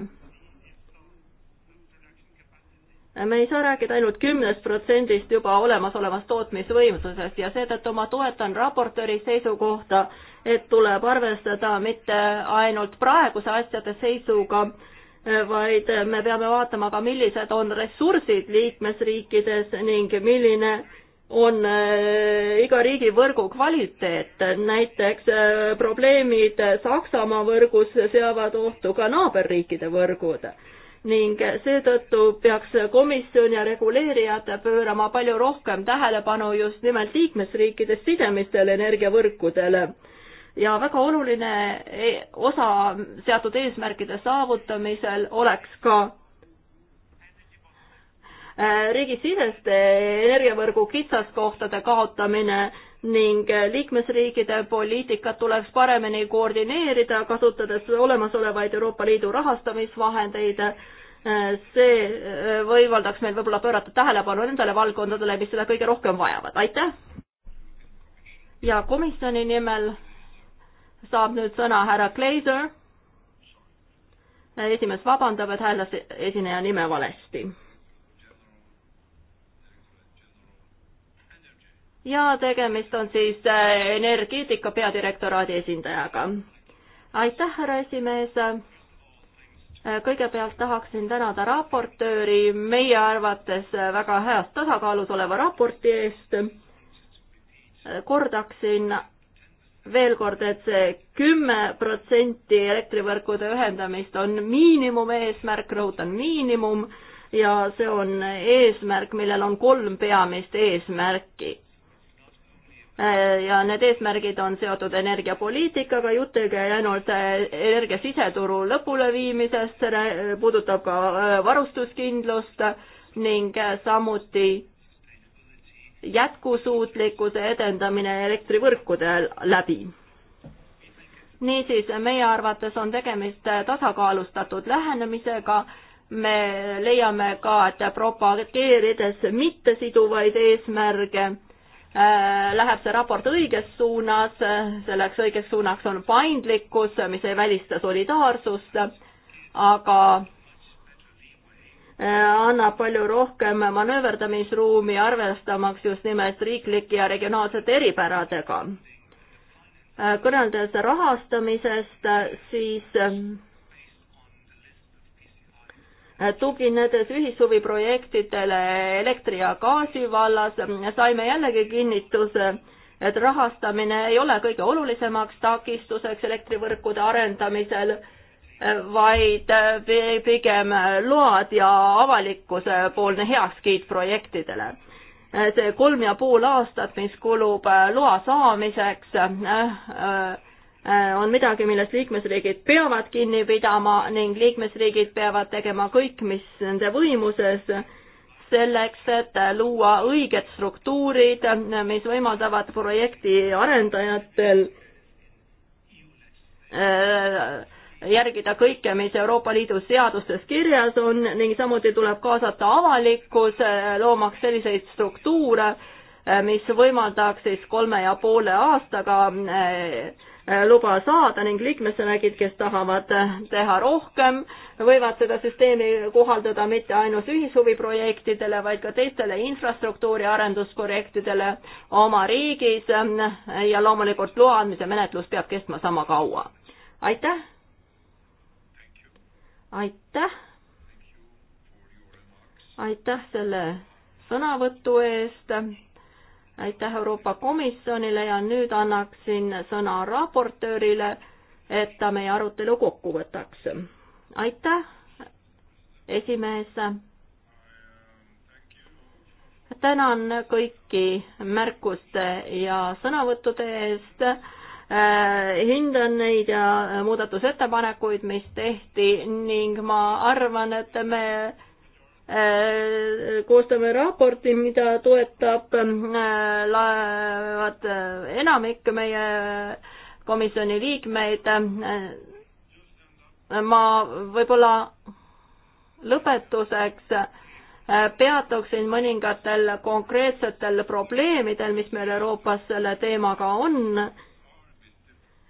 me ei saa rääkida ainult kümnest protsendist juba olemasolevast tootmisvõimsusest ja seetõttu ma toetan raportööri seisukohta, et tuleb arvestada mitte ainult praeguse asjade seisuga, äh, vaid me peame vaatama ka, millised on ressursid liikmesriikides ning milline on äh, iga riigi võrgu kvaliteet, näiteks äh, probleemid Saksamaa võrgus seavad ohtu ka naaberriikide võrgud ning seetõttu peaks komisjon ja reguleerijad pöörama palju rohkem tähelepanu just nimelt liikmesriikides sidemistele energiavõrkudele. ja väga oluline e, osa seatud eesmärkide saavutamisel oleks ka Äh, riigisiseste energiavõrgu kitsaskohtade kaotamine ning äh, liikmesriikide poliitikat tuleks paremini koordineerida, kasutades olemasolevaid Euroopa Liidu rahastamisvahendeid. Äh, see võimaldaks meil võib-olla pöörata tähelepanu nendele valdkondadele, mis seda kõige rohkem vajavad, aitäh! ja komisjoni nimel saab nüüd sõna härra Glaser. esimees vabandab, et hääldas esineja nime valesti ja tegemist on siis äh, energeetika peadirektoraadi esindajaga. aitäh, härra esimees. Äh, kõigepealt tahaksin tänada raportööri meie arvates äh, väga heas tasakaalus oleva raporti eest. kordaksin veel kord, et see kümme protsenti elektrivõrkude ühendamist on miinimumeesmärk, rõhutan miinimum, ja see on eesmärk, millel on kolm peamist eesmärki Äh, ja need eesmärgid on seotud energiapoliitikaga, jutt ei käi ainult äh, energia siseturu lõpuleviimisest, see puudutab ka äh, varustuskindlust ning samuti jätkusuutlikkuse edendamine elektrivõrkude läbi. niisiis, meie arvates on tegemist tasakaalustatud lähenemisega, me leiame ka, et propageerides mittesiduvaid eesmärge Äh, läheb see raport õiges suunas, selleks õigeks suunaks on paindlikkus, mis ei välista solidaarsust, aga äh, annab palju rohkem manööverdamisruumi, arvestamaks just nimelt riiklike ja regionaalsete eripäradega. Äh, kõneldes rahastamisest, siis tuginedes ühishuviprojektidele elektri ja gaasi vallas, saime jällegi kinnituse, et rahastamine ei ole kõige olulisemaks takistuseks elektrivõrkude arendamisel, vaid pigem load ja avalikkuse poolne heakskiit projektidele. see kolm ja pool aastat, mis kulub loa saamiseks, äh, Äh, on midagi, millest liikmesriigid peavad kinni pidama ning liikmesriigid peavad tegema kõik, mis nende võimuses, selleks, et luua õiged struktuurid, mis võimaldavad projekti arendajatel äh, järgida kõike, mis Euroopa Liidu seadustes kirjas on ning samuti tuleb kaasata avalikkus, äh, loomaks selliseid struktuure, Äh, mis võimaldaks siis kolme ja poole aastaga äh, äh, luba saada ning liikmesriigid, kes tahavad teha rohkem, võivad seda süsteemi kohaldada mitte ainult ühishuviprojektidele, vaid ka teistele infrastruktuuri arendusprojektidele oma riigis ja loomulikult loa andmise menetlus peab kestma sama kaua. aitäh! aitäh! aitäh selle sõnavõtu eest! aitäh Euroopa Komisjonile ja nüüd annaksin sõna raportöörile, et ta meie arutelu kokku võtaks. aitäh, esimees. tänan kõiki märkuste ja sõnavõttude eest äh, hindan neid ja muudatusettepanekuid, mis tehti ning ma arvan, et me Äh, koostame raporti, mida toetab äh, laevad äh, enamik meie komisjoni liikmeid. ma võib-olla lõpetuseks peatuksin mõningatel konkreetsetel probleemidel, mis meil Euroopas selle teemaga on.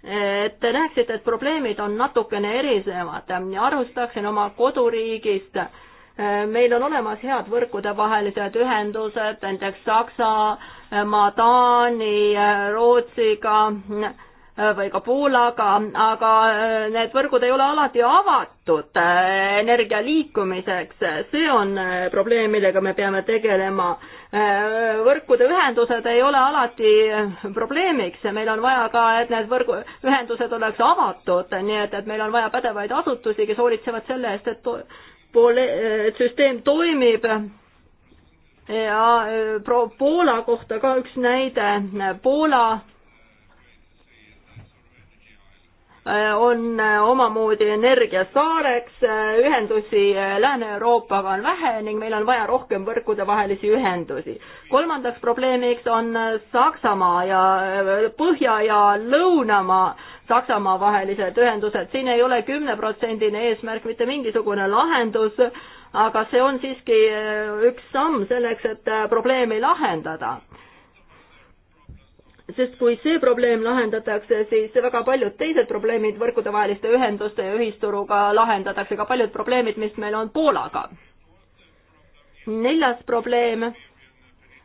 et te näeksite, et probleemid on natukene erinevad ja alustaksin oma koduriigist meil on olemas head võrkudevahelised ühendused, näiteks Saksamaa, Taani, Rootsiga äh, või ka Poolaga, aga äh, need võrgud ei ole alati avatud äh, energia liikumiseks, see on probleem, millega me peame tegelema. võrkude ühendused ei ole alati probleemiks ja meil on vaja ka, et need võrgu, ühendused oleks avatud, nii et, et meil on vaja pädevaid asutusi, kes hoolitsevad selle eest, et pole, et äh, süsteem toimib ja äh, pro-, Poola kohta ka üks näide, Poola äh, on omamoodi energiasaareks, ühendusi Lääne-Euroopaga on vähe ning meil on vaja rohkem võrkudevahelisi ühendusi. kolmandaks probleemiks on Saksamaa ja Põhja- ja Lõunamaa Saksamaa vahelised ühendused, siin ei ole kümneprotsendine eesmärk mitte mingisugune lahendus, aga see on siiski eh, üks samm selleks, et eh, probleemi lahendada sest kui see probleem lahendatakse, siis väga paljud teised probleemid võrkudevaheliste ühenduste ja ühisturuga lahendatakse, ka paljud probleemid, mis meil on Poolaga. neljas probleem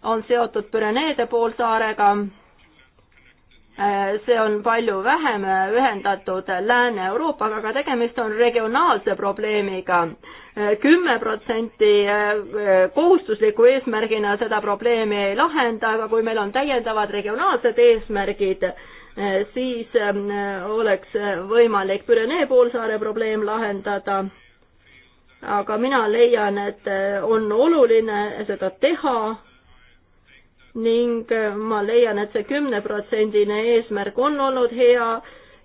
on seotud Püreneede poolsaarega Äh, see on palju vähem äh, ühendatud Lääne-Euroopaga, aga tegemist on regionaalse probleemiga. Äh, kümme protsenti kohustusliku eesmärgina seda probleemi ei lahenda, aga kui meil on täiendavad regionaalsed eesmärgid, siis ähm, oleks võimalik Pürenee poolsaare probleem lahendada. aga mina leian, et on oluline seda teha ning äh, ma leian, et see kümneprotsendine eesmärk on olnud hea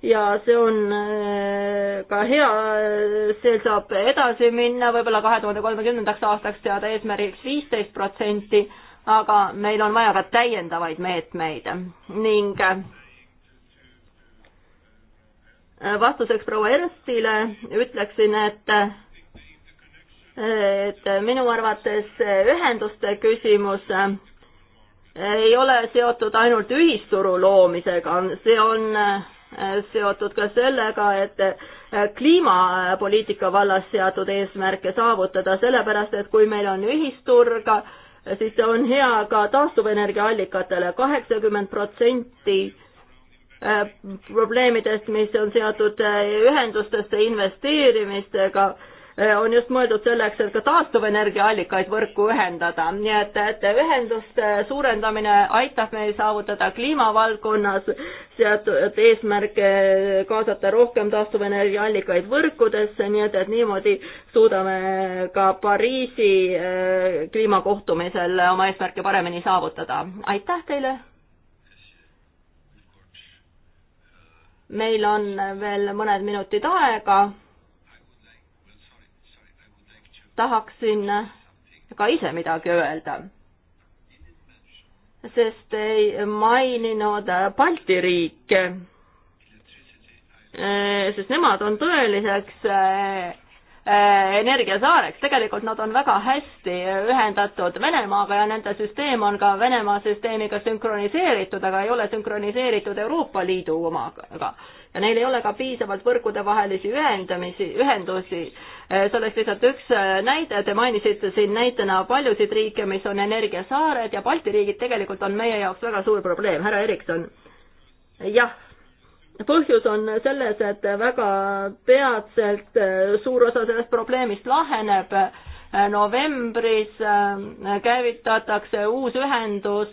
ja see on äh, ka hea, äh, seal saab edasi minna, võib-olla kahe tuhande kolmekümnendaks aastaks seada eesmärgiks viisteist protsenti, aga meil on vaja ka täiendavaid meetmeid ning vastuseks proua Ernstile ütleksin, et et minu arvates ühenduste küsimus ei ole seotud ainult ühisturu loomisega, see on äh, seotud ka sellega, et äh, kliimapoliitika vallas seatud eesmärke saavutada, sellepärast et kui meil on ühisturg, siis see on hea ka taastuvenergiaallikatele, kaheksakümmend protsenti äh, probleemidest, mis on seotud ühendustesse investeerimistega Äh, on just mõeldud selleks, et ka taastuvenergiaallikaid võrku ühendada, nii et, et ühenduste suurendamine aitab meil saavutada kliimavaldkonnas seatud eesmärke kaasata rohkem taastuvenergiaallikaid võrkudesse, nii et, et niimoodi suudame ka Pariisi äh, kliimakohtumisel oma eesmärke paremini saavutada. aitäh teile! meil on veel mõned minutid aega tahaksin ka ise midagi öelda. sest ei maininud Balti riike. sest nemad on tõeliseks energiasaareks, tegelikult nad on väga hästi ühendatud Venemaaga ja nende süsteem on ka Venemaa süsteemiga sünkroniseeritud, aga ei ole sünkroniseeritud Euroopa Liidu omaga ja neil ei ole ka piisavalt võrkudevahelisi ühendamisi, ühendusi. Äh, see oleks lihtsalt üks äh, näide, te mainisite siin näitena paljusid riike, mis on energiasaared ja Balti riigid tegelikult on meie jaoks väga suur probleem, härra Erikson. jah, põhjus on selles, et väga peatselt äh, suur osa sellest probleemist laheneb novembris käivitatakse uus ühendus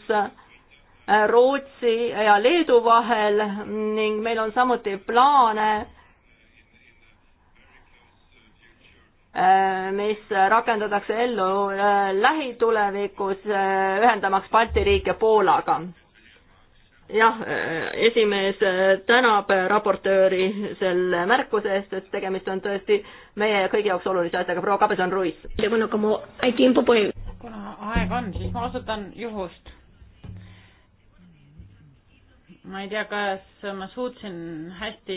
Äh, Rootsi ja Leedu vahel ning meil on samuti plaane, äh, mis rakendatakse ellu äh, lähitulevikus, ühendamaks Balti riike Poolaga. jah, esimees tänab raportööri selle märkuse eest, sest tegemist on tõesti meie kõigi jaoks olulise asjaga. proua Kabeson-Ruiz. kuna aeg on, siis ma osutan juhust ma ei tea, kas ma suutsin hästi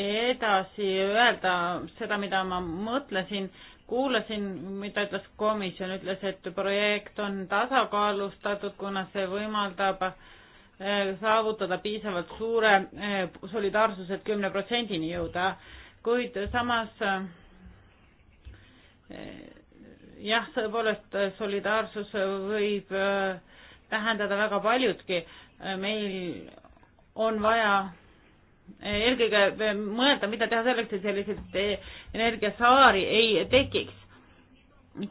edasi öelda seda, mida ma mõtlesin, kuulasin, mida ütles komisjon, ütles, et projekt on tasakaalustatud, kuna see võimaldab äh, saavutada piisavalt suure äh, solidaarsuse, et kümne protsendini jõuda, kuid samas äh, jah, tõepoolest solidaarsus võib tähendada väga paljutki. meil on vaja eelkõige mõelda, mida teha selleks, et selliseid e-, energiasaari ei tekiks.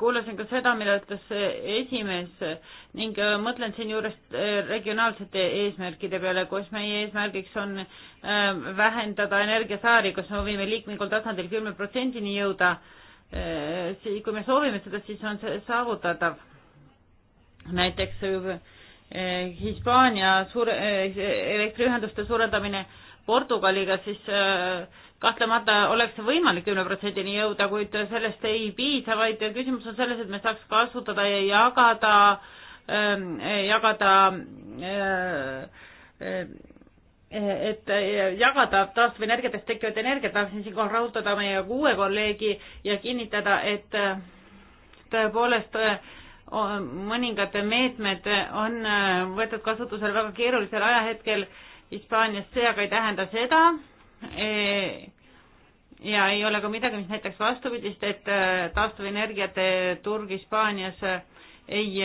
kuulasin ka seda, mida ütles esimees ning mõtlen siinjuures regionaalsete eesmärkide peale, kus meie eesmärgiks on ähm, vähendada energiasaari, kus me võime liikmikul tasandil kümne protsendini jõuda. Äh, kui me soovime seda, siis on see saavutatav. näiteks Eh, Hispaania suure, eh, elektriühenduste suurendamine Portugaliga, siis eh, kahtlemata oleks võimalik kümne protsendini jõuda, kuid sellest ei piisa, vaid küsimus on selles, et me saaks kasutada ja jagada, ehm, jagada, et jagada taastuvenergiatest tekkivat energiat, tahaksin siinkohal rahuldada meie uue kolleegi ja kinnitada, et tõepoolest mõningad meetmed on äh, võetud kasutusele väga keerulisel ajahetkel Hispaanias, see aga ei tähenda seda eh, ja ei ole ka midagi, mis näiteks vastupidist, et äh, taastuvenergiate turg Hispaanias äh, ei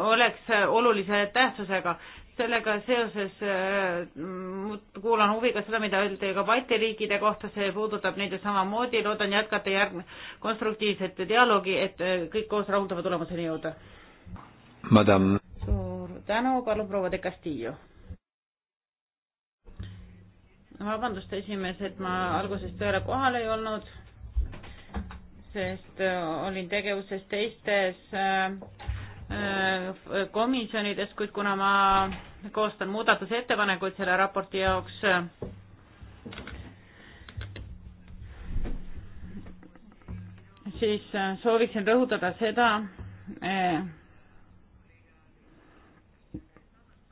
oleks olulise tähtsusega. sellega seoses kuulan huviga seda, mida öeldi ka Balti riikide kohta, see puudutab neid ju samamoodi, loodan jätkata järgmine konstruktiivset dialoogi, et kõik koos rahuldava tulemuseni jõuda Madame. suur tänu, palun proua de Castillo. vabandust, esimees, et ma alguses tööle kohal ei olnud, sest äh, olin tegevuses teistes äh, äh, komisjonides, kuid kuna ma koostan muudatusettepanekuid selle raporti jaoks, siis sooviksin rõhutada seda,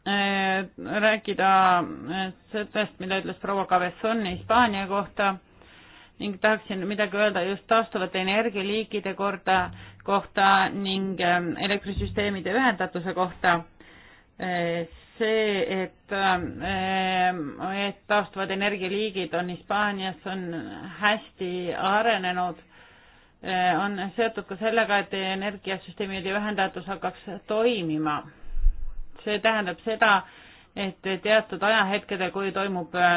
Äh, rääkida äh, sellest, mida ütles proua Cabeson Hispaania kohta ning tahaksin midagi öelda just taastuvate energialiikide korda, kohta ning ähm, elektrisüsteemide ühendatuse kohta. Äh, see, et, ähm, et taastuvad energialiigid on Hispaanias, on hästi arenenud, on seotud ka sellega, et energiasüsteemide ühendatus hakkaks toimima see tähendab seda, et teatud ajahetkedel, kui toimub äh,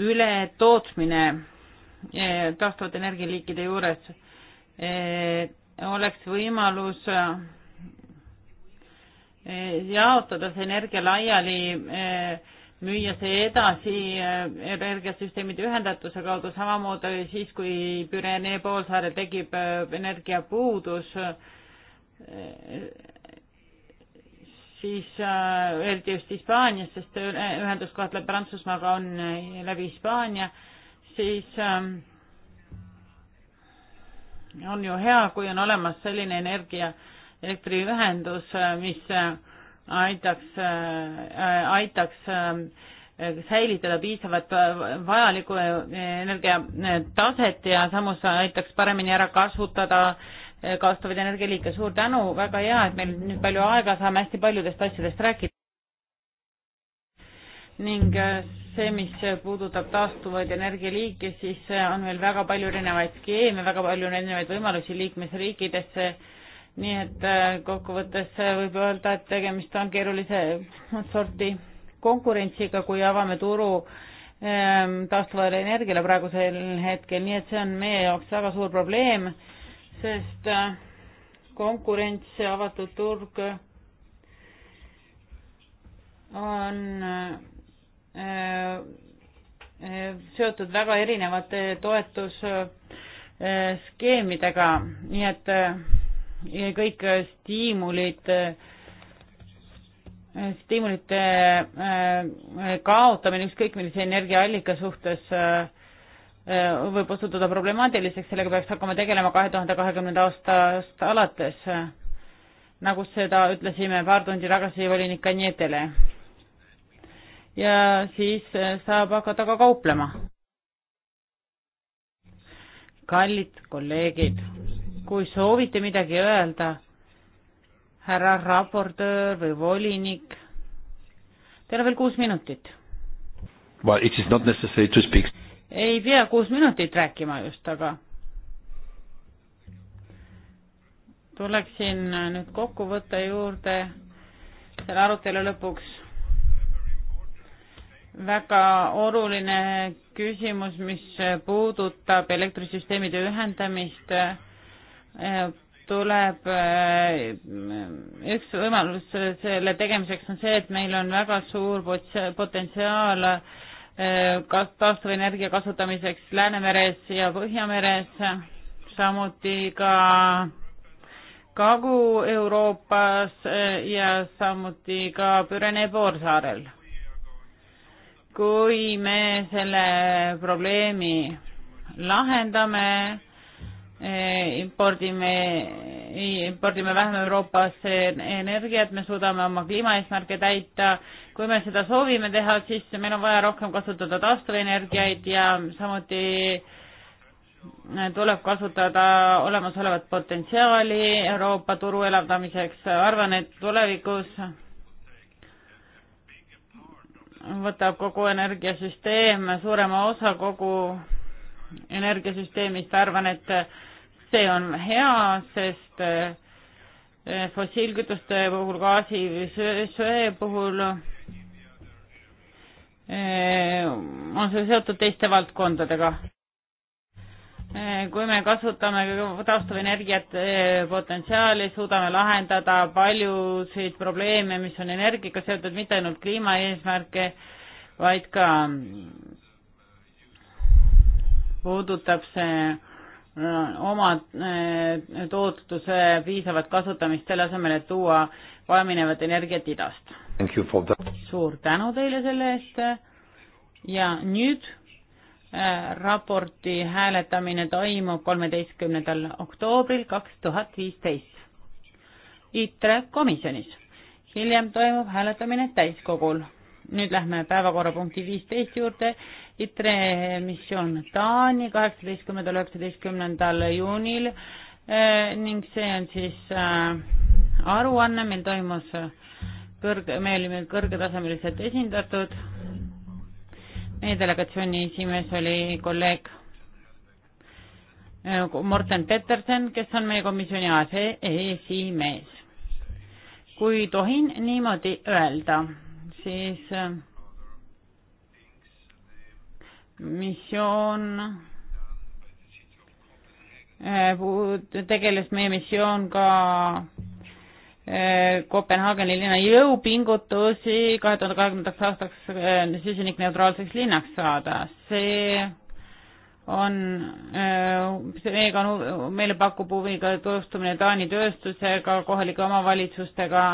ületootmine äh, taastuvate energialiikide juures, äh, oleks võimalus jaotada see energia laiali, müüa see edasi energiasüsteemide ühendatuse kaudu, samamoodi siis, kui Pürenee poolsaarel tekib energiapuudus, siis äh, eriti just Hispaanias, sest ühendus kohtleb Prantsusmaaga on äh, läbi Hispaania, siis äh, on ju hea, kui on olemas selline energia, elektriühendus, äh, mis äh, aitaks äh,, aitaks äh, säilitada piisavat vajalikku energiataset ja samus aitaks paremini ära kasutada äh, Eh, kaastavaid energialiike. suur tänu, väga hea, et meil nüüd palju aega, saame hästi paljudest asjadest rääkida. ning eh, see, mis puudutab taastuvaid energialiike, siis eh, on meil väga palju erinevaid skeeme, väga palju erinevaid võimalusi liikmesriikidesse, nii et kokkuvõttes võib öelda, et tegemist on keerulise sorti konkurentsiga, kui avame turu taastuvale energiale praegusel hetkel, nii et see on meie jaoks väga suur probleem sest äh, konkurents ja avatud turg on äh, äh, seotud väga erinevate toetusskeemidega, nii et kõik stiimulid, stiimulite kaotamine ükskõik millise energiaallika suhtes äh, Äh, võib osutuda problemaatiliseks, sellega peaks hakkama tegelema kahe tuhande kahekümnenda aastast alates, nagu seda ütlesime paar tundi tagasi volinik Anietele. ja siis äh, saab hakata ka kauplema. kallid kolleegid, kui soovite midagi öelda, härra raportöör või volinik, teil on veel kuus minutit. Well, it is not necessary to speak ei pea kuus minutit rääkima just, aga tuleksin nüüd kokkuvõtte juurde selle arutelu lõpuks. väga oluline küsimus, mis puudutab elektrisüsteemide ühendamist, tuleb, eh, üks võimalus selle tegemiseks on see, et meil on väga suur potentsiaal Eh, taastuvenergia kasutamiseks Läänemeres ja Põhjameres, samuti ka Kagu-Euroopas eh, ja samuti ka Pürenee poolsaarel. kui me selle probleemi lahendame, Eh, impordime, eh, impordime vähem Euroopasse energiat, me suudame oma kliimaeesmärke täita. kui me seda soovime teha, siis meil on vaja rohkem kasutada taastuvenergiaid ja samuti eh, tuleb kasutada olemasolevat potentsiaali Euroopa turu elavdamiseks. arvan, et tulevikus võtab kogu energiasüsteem suurema osa kogu energiasüsteemist. arvan, et see on hea, sest eh, fossiilkütuste puhul, gaasi või söe puhul eh, on see seotud teiste valdkondadega. Eh, kui me kasutame taastuvenergiat potentsiaali, suudame lahendada paljusid probleeme, mis on energiaga seotud, mitte ainult kliimaeesmärke, vaid ka mm, puudutab see Äh, oma äh, tootluse piisavat kasutamist, selle asemel, et tuua vajaminevat energiat idast. suur tänu teile selle eest ja nüüd äh, raporti hääletamine toimub kolmeteistkümnendal oktoobril kaks tuhat viisteist ITRE komisjonis. hiljem toimub hääletamine täiskogul. nüüd lähme päevakorrapunkti viisteist juurde ITRE missioon Taani kaheksateistkümnendal, üheksateistkümnendal juunil eh, ning see on siis eh, aruanne, meil toimus eh, kõrge, me olime kõrgetasemeliselt esindatud. meie delegatsiooni esimees oli kolleeg Morten Peterson, kes on meie komisjoni aseesimees. kui tohin niimoodi öelda, siis äh, missioon eh, tegeles meie missioon ka eh, Kopenhaageni linna jõupingutusi kahe tuhande kahekümnendaks aastaks eh, süsinikneutraalseks linnaks saada. see on, see meiega on, meile pakub huvi ka tutvustumine Taani tööstusega, kohalike omavalitsustega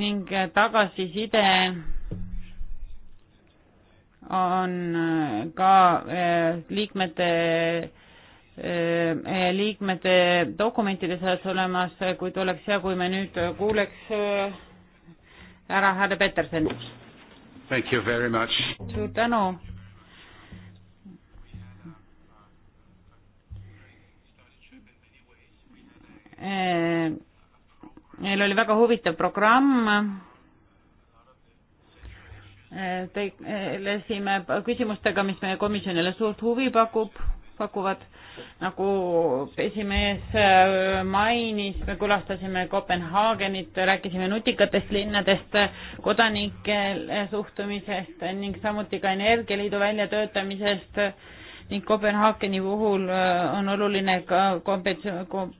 ning tagasiside on äh, ka äh, liikmete äh, liikmete dokumentide seas olemas, kuid oleks hea, kui me nüüd kuuleks ära härra Peterson. suur tänu. meil oli väga huvitav programm tegelesime küsimustega, mis meie komisjonile suurt huvi pakub, pakuvad, nagu esimees äh, mainis, me külastasime Kopenhaagenit, rääkisime nutikatest linnadest, kodanike suhtumisest ning samuti ka Energialiidu väljatöötamisest ning Kopenhaageni puhul äh, on oluline ka kompensatsioon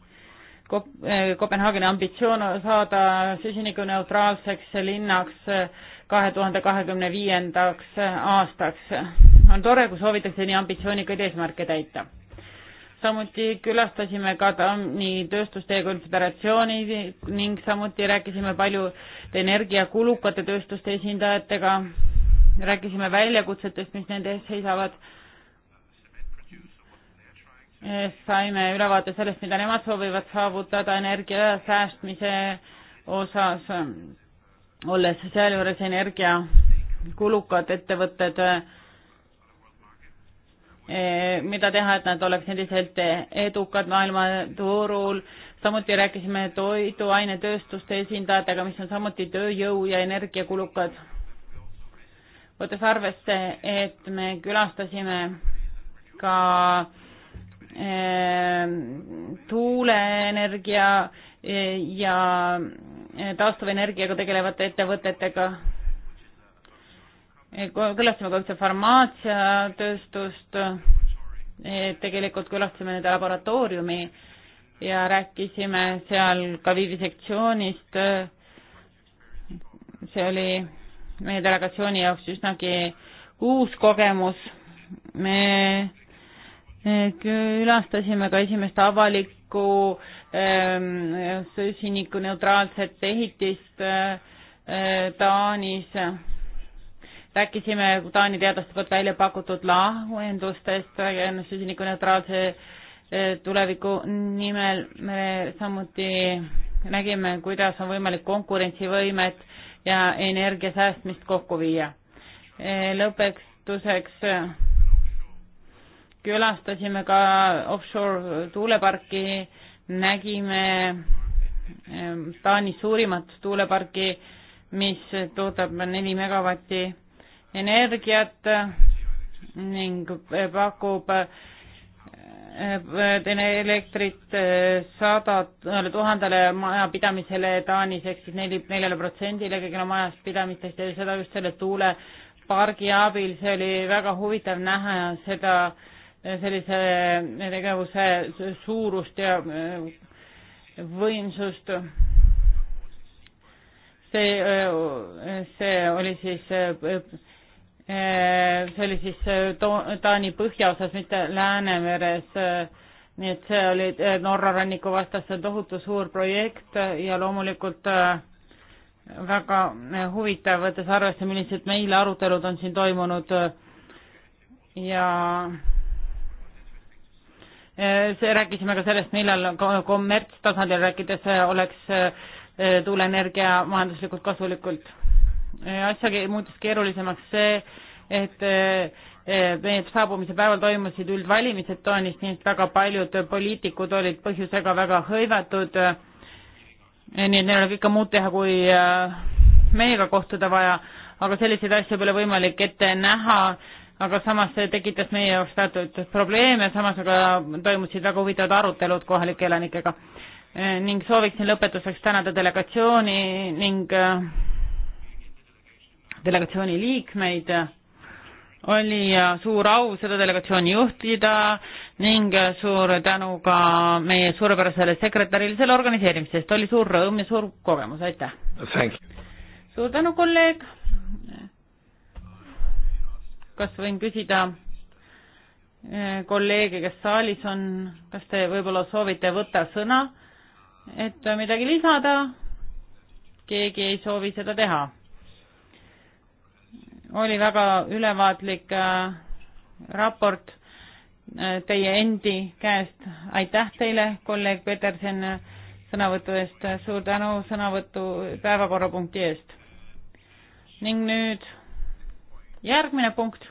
kom äh, Kopenhaageni ambitsioon saada süsinikuneutraalseks linnaks kahe tuhande kahekümne viiendaks aastaks. on tore, kui soovitakse nii ambitsioonikaid eesmärke täita. samuti külastasime ka TAM-i Tööstusteede Konföderatsiooni ning samuti rääkisime paljude energiakulukate tööstuste esindajatega, rääkisime väljakutsetest, mis nende ees seisavad saime ülevaate sellest, mida nemad soovivad saavutada energia säästmise osas olles sealjuures energiakulukad ettevõtted, eh, mida teha, et nad oleks endiselt edukad maailmaturul, samuti rääkisime toiduainetööstuste esindajatega, mis on samuti tööjõu- ja energiakulukad. võttes arvesse, et me külastasime ka eh, tuuleenergia eh, ja taastuvenergiaga tegelevate ettevõtetega. külastasime ka üldse farmaatsiatööstust, tegelikult külastasime nende laboratooriumi ja rääkisime seal ka vivisektsioonist. see oli meie delegatsiooni jaoks üsnagi uus kogemus. me külastasime ka esimest avalikku süsiniku, ähm, süsinikuneutraalset ehitist äh, Taanis. rääkisime Taani teadlaste poolt välja pakutud lahendustest äh, süsinikuneutraalse äh, tuleviku nimel. me samuti nägime, kuidas on võimalik konkurentsivõimet ja energia säästmist kokku viia. lõpetuseks külastasime ka offshore tuuleparki, nägime ehm, Taani suurimat tuuleparki, mis toodab neli megavatti energiat ning pakub ehm, elektrit ehm, sadale tuhandele majapidamisele Taanis ehk siis neli, neljale protsendile kõigile majapidamistest ja seda just selle tuulepargi abil, see oli väga huvitav näha seda äh, sellise äh, tegevuse suurust ja äh, võimsust. see, äh, see oli siis, see oli siis Taani põhjaosas, mitte Läänemeres. nii et see oli Norra ranniku vastas, see on tohutu suur projekt ja loomulikult väga huvitav, võttes arvesse, millised meile arutelud on siin toimunud ja Eh, see, rääkisime ka sellest, millal kommertstasandil rääkides eh, oleks eh, tuuleenergia majanduslikult kasulikult. asja muutus keerulisemaks see, et need saabumise päeval toimusid üldvalimised Taanis, nii et väga paljud poliitikud olid põhjusega väga hõivatud, nii et neil oleks ikka muud teha, kui meiega kohtuda vaja, aga selliseid asju pole võimalik ette näha aga samas see tekitas meie jaoks teatud probleeme, samas aga toimusid väga huvitavad arutelud kohalike elanikega. ning sooviksin lõpetuseks tänada delegatsiooni ning äh, delegatsiooni liikmeid. oli äh, suur au seda delegatsiooni juhtida ning äh, suur tänu ka meie suurepärasele sekretärile selle organiseerimise eest, oli suur rõõm ja suur kogemus, aitäh! suur tänu, kolleeg! kas võin küsida eh, kolleege, kes saalis on, kas te võib-olla soovite võtta sõna, et midagi lisada? keegi ei soovi seda teha. oli väga ülevaatlik eh, raport eh, teie endi käest. aitäh teile, kolleeg Peterson, sõnavõtu eest. suur tänu sõnavõtu päevakorrapunkti eest. ning nüüd järgmine punkt.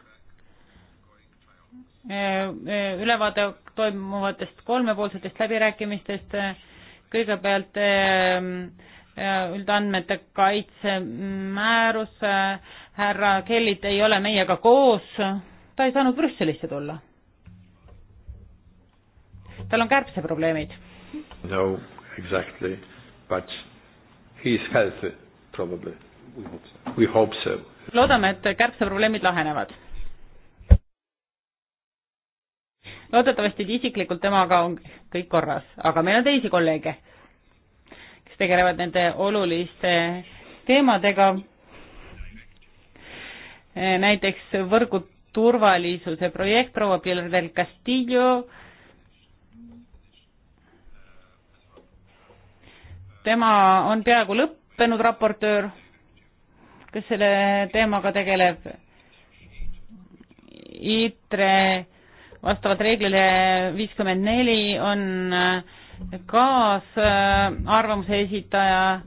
Äh, äh, ülevaade toimuvatest kolmepoolsetest läbirääkimistest. kõigepealt äh, üldandmete kaitsemäärus, härra Kellit ei ole meiega koos, ta ei saanud Brüsselisse tulla. tal on kärbseprobleemid. no exactly, but he is healthy probably, we hope so loodame, et kärbseprobleemid lahenevad. loodetavasti isiklikult temaga on kõik korras, aga meil on teisi kolleege, kes tegelevad nende oluliste teemadega, näiteks võrgu turvalisuse projekt, proua Pilar del Castillo, tema on peaaegu lõppenud raportöör kes selle teemaga tegeleb. ITRE vastavalt reeglile viiskümmend neli on äh, kaasarvamuse äh, esitaja.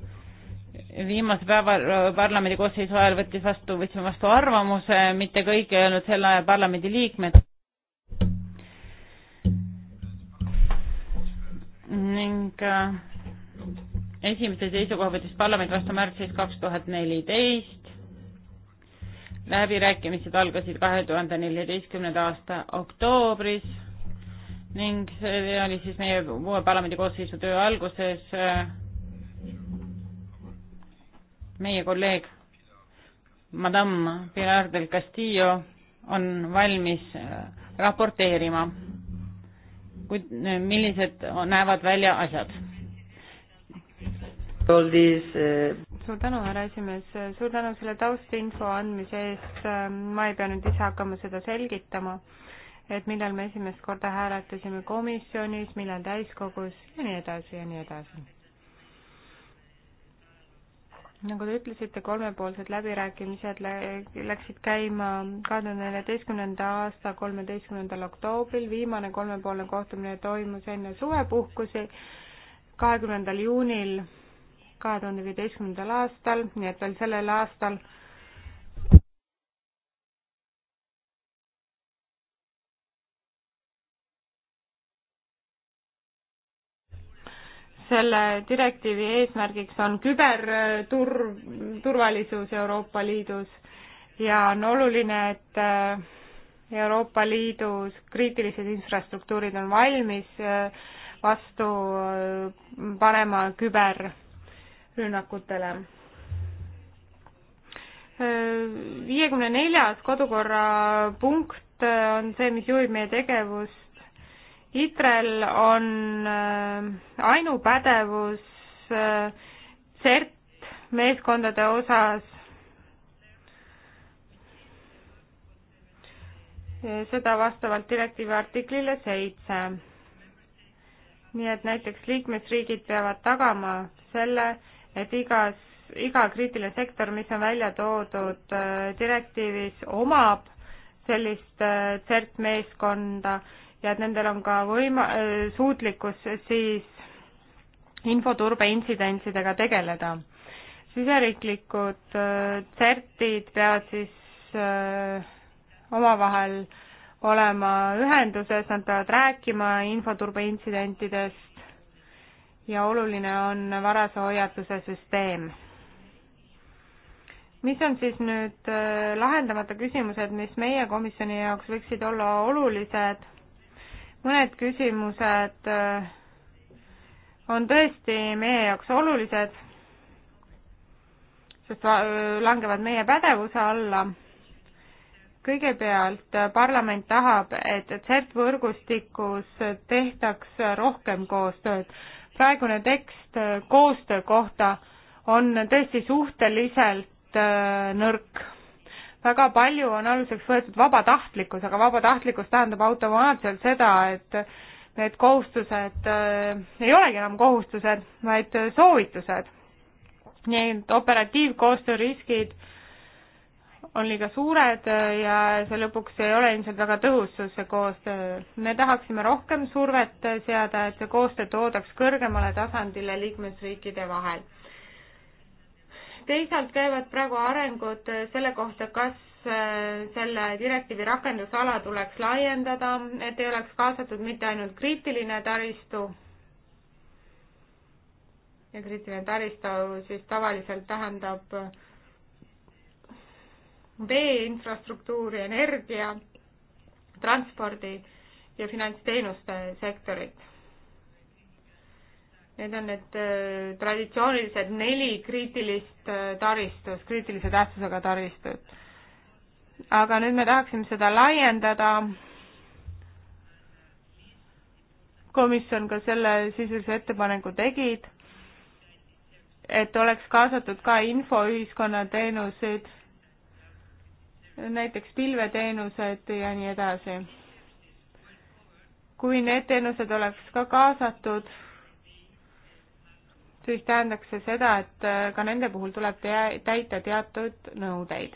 viimase päeva äh, parlamendi koosseisu ajal võttis vastu, võtsime vastu arvamuse, mitte kõik ei olnud selle aja parlamendi liikmed. ning esimese seisukoha võttis parlament vastu märtsis kaks tuhat neliteist. läbirääkimised algasid kahe tuhande neljateistkümnenda aasta oktoobris ning see oli siis meie uue parlamendi koosseisu töö alguses. meie kolleeg Madame Pilar del Castillo on valmis äh, raporteerima, kuid äh, millised näevad välja asjad Eh, suur tänu, härra esimees, suur tänu selle taustinfo andmise eest, ma ei pea nüüd ise hakkama seda selgitama, et millal me esimest korda hääletasime komisjonis, millal täiskogus ja nii edasi ja nii edasi. nagu te ütlesite, kolmepoolsed läbirääkimised läksid käima kahe tuhande neljateistkümnenda aasta kolmeteistkümnendal oktoobril, viimane kolmepoolne kohtumine toimus enne suvepuhkusi, kahekümnendal juunil kahe tuhande viieteistkümnendal aastal, nii et veel sellel aastal selle direktiivi eesmärgiks on kübertur-, turvalisus Euroopa Liidus ja on oluline, et äh, Euroopa Liidus kriitilised infrastruktuurid on valmis äh, vastu äh, panema küber rünnakutele. Viiekümne neljas kodukorra punkt on see, mis juhib meie tegevust. ITREL on äh, ainupädevus äh, CERT meeskondade osas seda vastavalt direktiivi artiklile seitse. nii et näiteks liikmesriigid peavad tagama selle, et igas, iga kriitiline sektor, mis on välja toodud äh, direktiivis, omab sellist äh, CERT meeskonda ja et nendel on ka võima-, äh, suutlikkus siis infoturbe intsidentsidega tegeleda. siseriiklikud CERT-id peavad siis omavahel olema ühenduses, nad peavad rääkima infoturbe intsidentidest ja oluline on varase hoiatuse süsteem. mis on siis nüüd äh, lahendamata küsimused, mis meie komisjoni jaoks võiksid olla olulised? mõned küsimused äh, on tõesti meie jaoks olulised, sest langevad meie pädevuse alla. kõigepealt äh, parlament tahab, et CERT võrgustikus tehtaks rohkem koostööd praegune tekst äh, koostöö kohta on tõesti suhteliselt äh, nõrk. väga palju on aluseks võetud vabatahtlikkus, aga vabatahtlikkus tähendab automaatselt seda, et need kohustused äh, ei olegi enam kohustused, vaid soovitused. nii et operatiivkoostöö riskid äh, on liiga suured äh, ja see lõpuks ei ole ilmselt väga tõhus, see koostöö. me tahaksime rohkem survet seada, et see koostöö toodaks kõrgemale tasandile liikmesriikide vahel. teisalt käivad praegu arengud selle kohta, kas äh, selle direktiivi rakendusala tuleks laiendada, et ei oleks kaasatud mitte ainult kriitiline taristu, ja kriitiline taristu siis tavaliselt tähendab äh, veeinfrastruktuuri, energia, transpordi ja finantsteenuste sektorit. Need on need äh, traditsioonilised neli kriitilist äh, taristust, kriitilise tähtsusega taristut. aga nüüd me tahaksime seda laiendada. komisjon ka selle sisulise ettepaneku tegid, et oleks kaasatud ka infoühiskonna teenused näiteks pilveteenused ja nii edasi. kui need teenused oleks ka kaasatud, siis tähendaks see seda, et äh, ka nende puhul tuleb te-, täita teatud nõudeid.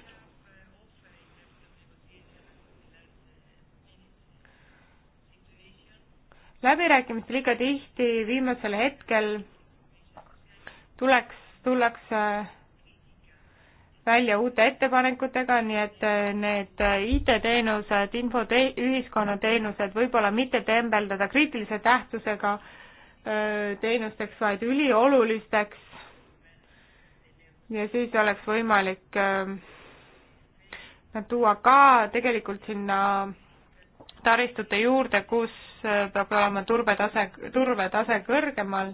läbirääkimistel ikka tihti viimasel hetkel tuleks, tullakse välja uute ettepanekutega, nii et äh, need äh, IT-teenused, infote-, ühiskonnateenused võib-olla mitte tembeldada kriitilise tähtsusega äh, teenusteks, vaid üliolulisteks. ja siis oleks võimalik nad tuua ka tegelikult sinna taristute juurde, kus peab olema turbetase, turbetase kõrgemal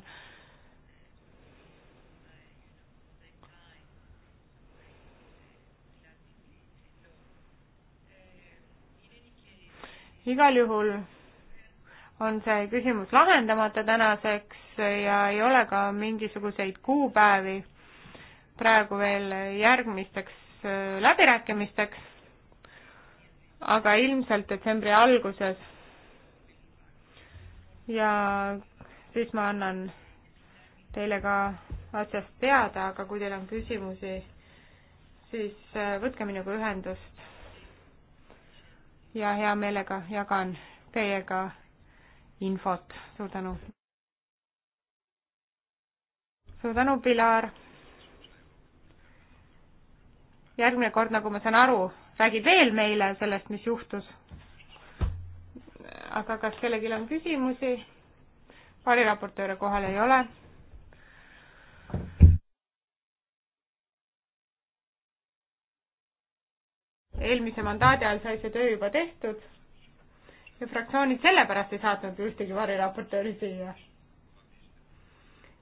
igal juhul on see küsimus lahendamata tänaseks ja ei ole ka mingisuguseid kuupäevi praegu veel järgmisteks äh, läbirääkimisteks, aga ilmselt detsembri alguses. ja siis ma annan teile ka asjast teada, aga kui teil on küsimusi, siis äh, võtke minuga ühendust ja hea meelega jagan teiega infot. suur tänu. suur tänu, Pilar. järgmine kord, nagu ma saan aru, räägid veel meile sellest, mis juhtus. aga kas kellelgi on küsimusi? variraportööre kohal ei ole eelmise mandaadi ajal sai see töö juba tehtud ja fraktsioonid sellepärast ei saatnud ühtegi variraportööri siia.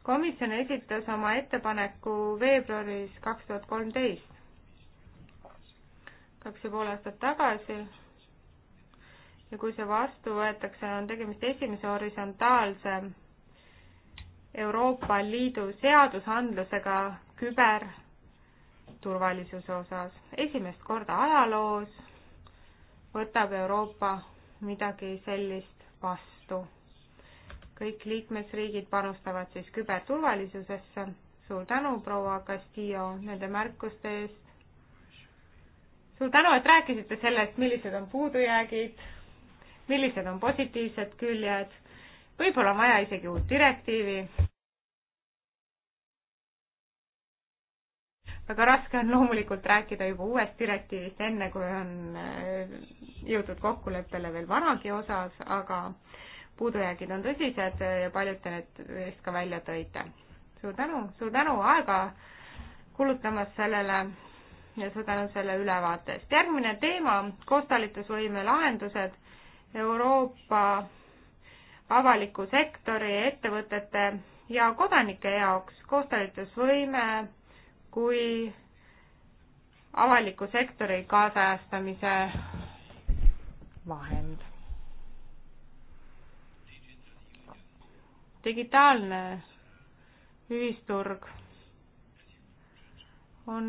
komisjon esitas oma ettepaneku veebruaris kaks tuhat kolmteist, kaks ja pool aastat tagasi ja kui see vastu võetakse, on tegemist esimese horisontaalse Euroopa Liidu seadusandlusega küber- turvalisuse osas. esimest korda ajaloos võtab Euroopa midagi sellist vastu. kõik liikmesriigid panustavad siis küberturvalisusesse. suur tänu, proua Castillo, nende märkuste eest. suur tänu, et rääkisite sellest, millised on puudujäägid, millised on positiivsed küljed. võib-olla on vaja isegi uut direktiivi väga raske on loomulikult rääkida juba uuest direktiivist, enne kui on äh, jõutud kokkuleppele veel vanagi osas, aga puudujäägid on tõsised ja paljud te need vist ka välja tõite. suur tänu, suur tänu aega kulutamast sellele ja suur tänu selle ülevaate eest. järgmine teema, koostalitusvõime lahendused Euroopa avaliku sektori, ettevõtete ja kodanike jaoks. koostalitusvõime kui avaliku sektori kaasajastamise vahend. digitaalne ühisturg on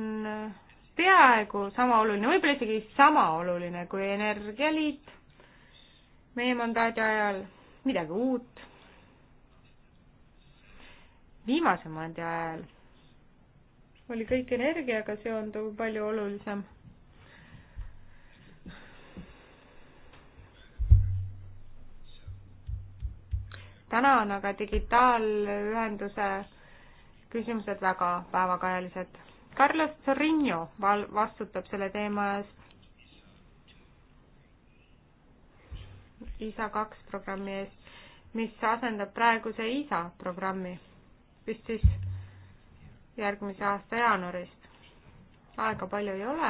peaaegu sama oluline, võib-olla isegi sama oluline kui Energialiit meie mandaadi ajal, midagi uut. viimase mandaadi ajal oli kõik energiaga seonduv palju olulisem. täna on aga digitaalühenduse küsimused väga päevakajalised. Carlos Sorinho val-, vastutab selle teema eest ISA kaks programmi eest, mis asendab praeguse ISA programmi, vist siis järgmise aasta jaanuarist. aega palju ei ole.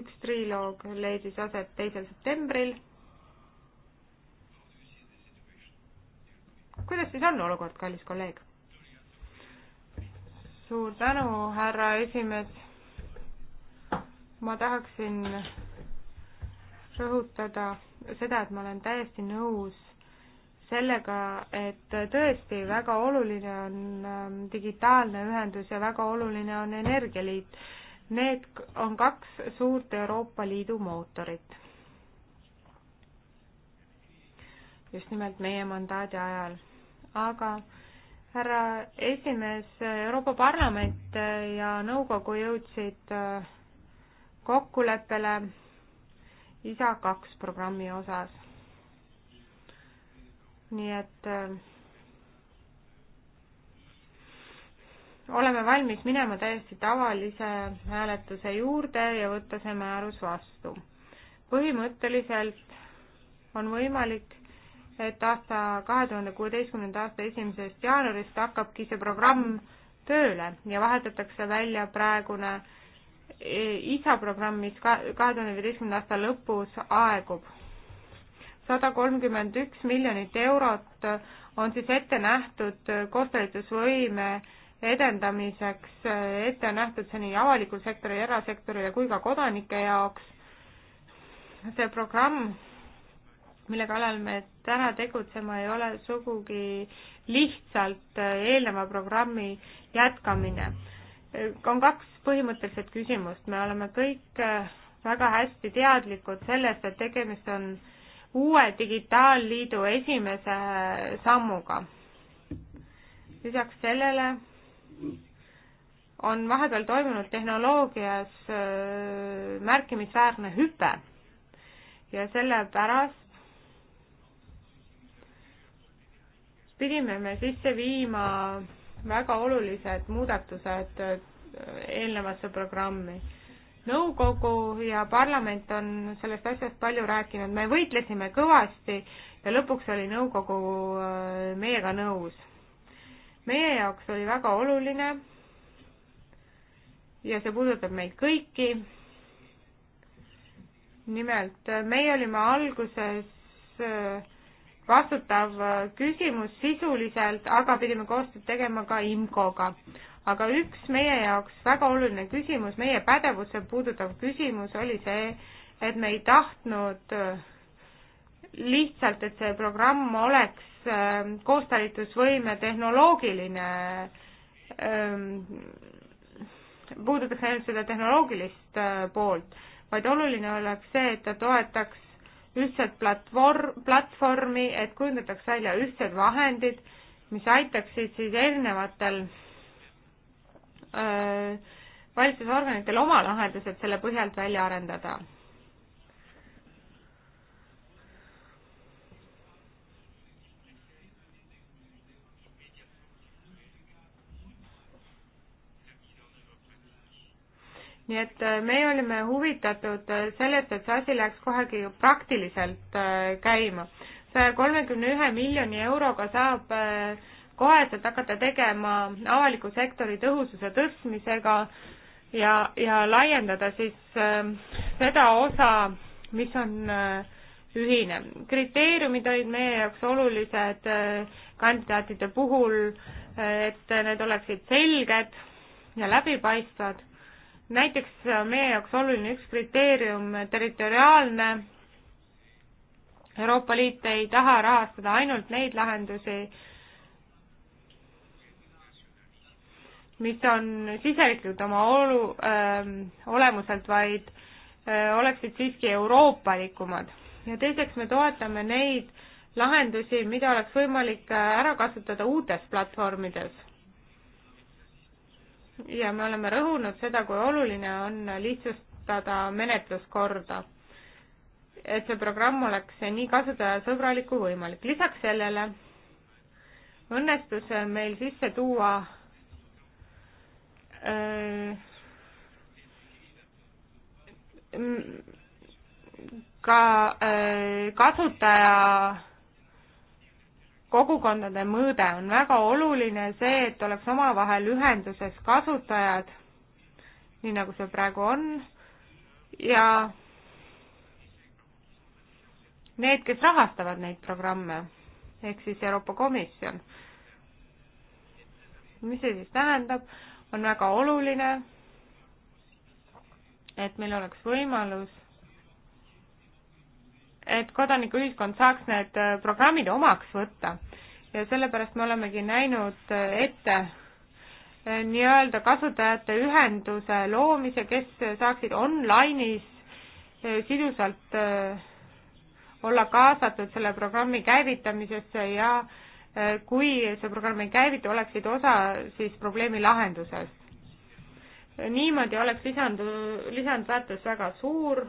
üks triloog leidis aset teisel septembril. kuidas siis on olukord, kallis kolleeg? suur tänu, härra esimees. ma tahaksin rõhutada seda, et ma olen täiesti nõus sellega, et tõesti väga oluline on ähm, digitaalne ühendus ja väga oluline on energialiit. Need on kaks suurt Euroopa Liidu mootorit. just nimelt meie mandaadi ajal. aga härra esimees, Euroopa Parlament ja nõukogu jõudsid äh, kokkuleppele ISA kaks programmi osas nii et äh, oleme valmis minema täiesti tavalise hääletuse juurde ja võtta see määrus vastu. põhimõtteliselt on võimalik, et aasta, kahe tuhande kuueteistkümnenda aasta esimesest jaanuarist hakkabki see programm tööle ja vahetatakse välja praegune e, ISA programm, mis kahe tuhande viieteistkümnenda aasta lõpus aegub sada kolmkümmend üks miljonit eurot on siis ette nähtud kohtalitusvõime edendamiseks, ette on nähtud see nii avalikul sektoril, erasektorile kui ka kodanike jaoks. see programm, mille kallal me täna tegutsema, ei ole sugugi lihtsalt eelneva programmi jätkamine. on kaks põhimõtteliselt küsimust, me oleme kõik väga hästi teadlikud sellest, et tegemist on äh, uue digitaalliidu esimese sammuga. lisaks sellele on vahepeal toimunud tehnoloogias märkimisväärne hüpe ja sellepärast pidime me sisse viima väga olulised muudatused eelnevasse programmi nõukogu ja parlament on sellest asjast palju rääkinud, me võitlesime kõvasti ja lõpuks oli nõukogu äh, meiega nõus. meie jaoks oli väga oluline ja see puudutab meid kõiki. nimelt äh, meie olime alguses äh, vastutav küsimus sisuliselt, aga pidime koostööd tegema ka IMCO-ga aga üks meie jaoks väga oluline küsimus, meie pädevuse puudutav küsimus oli see, et me ei tahtnud äh, lihtsalt, et see programm oleks äh, koostalitusvõime tehnoloogiline, ähm, puudutaks ainult seda tehnoloogilist äh, poolt, vaid oluline oleks see, et ta toetaks ühtset platvorm, platvormi, et kujundataks välja ühtsed vahendid, mis aitaksid siis erinevatel Äh, valitsusorganitel oma lahendused selle põhjalt välja arendada. nii et äh, meie olime huvitatud äh, sellest, et see asi läheks kohagi praktiliselt käima. saja kolmekümne ühe miljoni euroga saab äh, koheselt hakata tegema avaliku sektori tõhususe tõstmisega ja, ja laiendada siis äh, seda osa, mis on äh, ühine. kriteeriumid olid meie jaoks olulised äh, kandidaatide puhul, äh, et need oleksid selged ja läbipaistvad. näiteks äh, meie jaoks oluline üks kriteerium, äh, territoriaalne Euroopa Liit ei taha rahastada ainult neid lahendusi, mis on siseriiklikud oma olu, öö, ähm, olemuselt, vaid öö, äh, oleksid siiski euroopalikumad. ja teiseks me toetame neid lahendusi, mida oleks võimalik äh, ära kasutada uutes platvormides. ja me oleme rõhunud seda, kui oluline on lihtsustada menetluskorda. et see programm oleks nii kasutajasõbralik kui võimalik. lisaks sellele õnnestus meil sisse tuua ka äh, kasutaja kogukondade mõõde on väga oluline, see, et oleks omavahel ühenduses kasutajad, nii nagu see praegu on, ja need, kes rahastavad neid programme, ehk siis Euroopa Komisjon. mis see siis tähendab? on väga oluline, et meil oleks võimalus, et kodanikuühiskond saaks need äh, programmid omaks võtta ja sellepärast me olemegi näinud äh, ette äh, nii-öelda kasutajate ühenduse loomise, kes saaksid online'is sidusalt olla kaasatud selle programmi käivitamisesse ja äh, Äh, kui see programm ei käivitu, oleksid osa siis probleemi lahendusest. niimoodi oleks lisandu, lisandväärtus väga suur,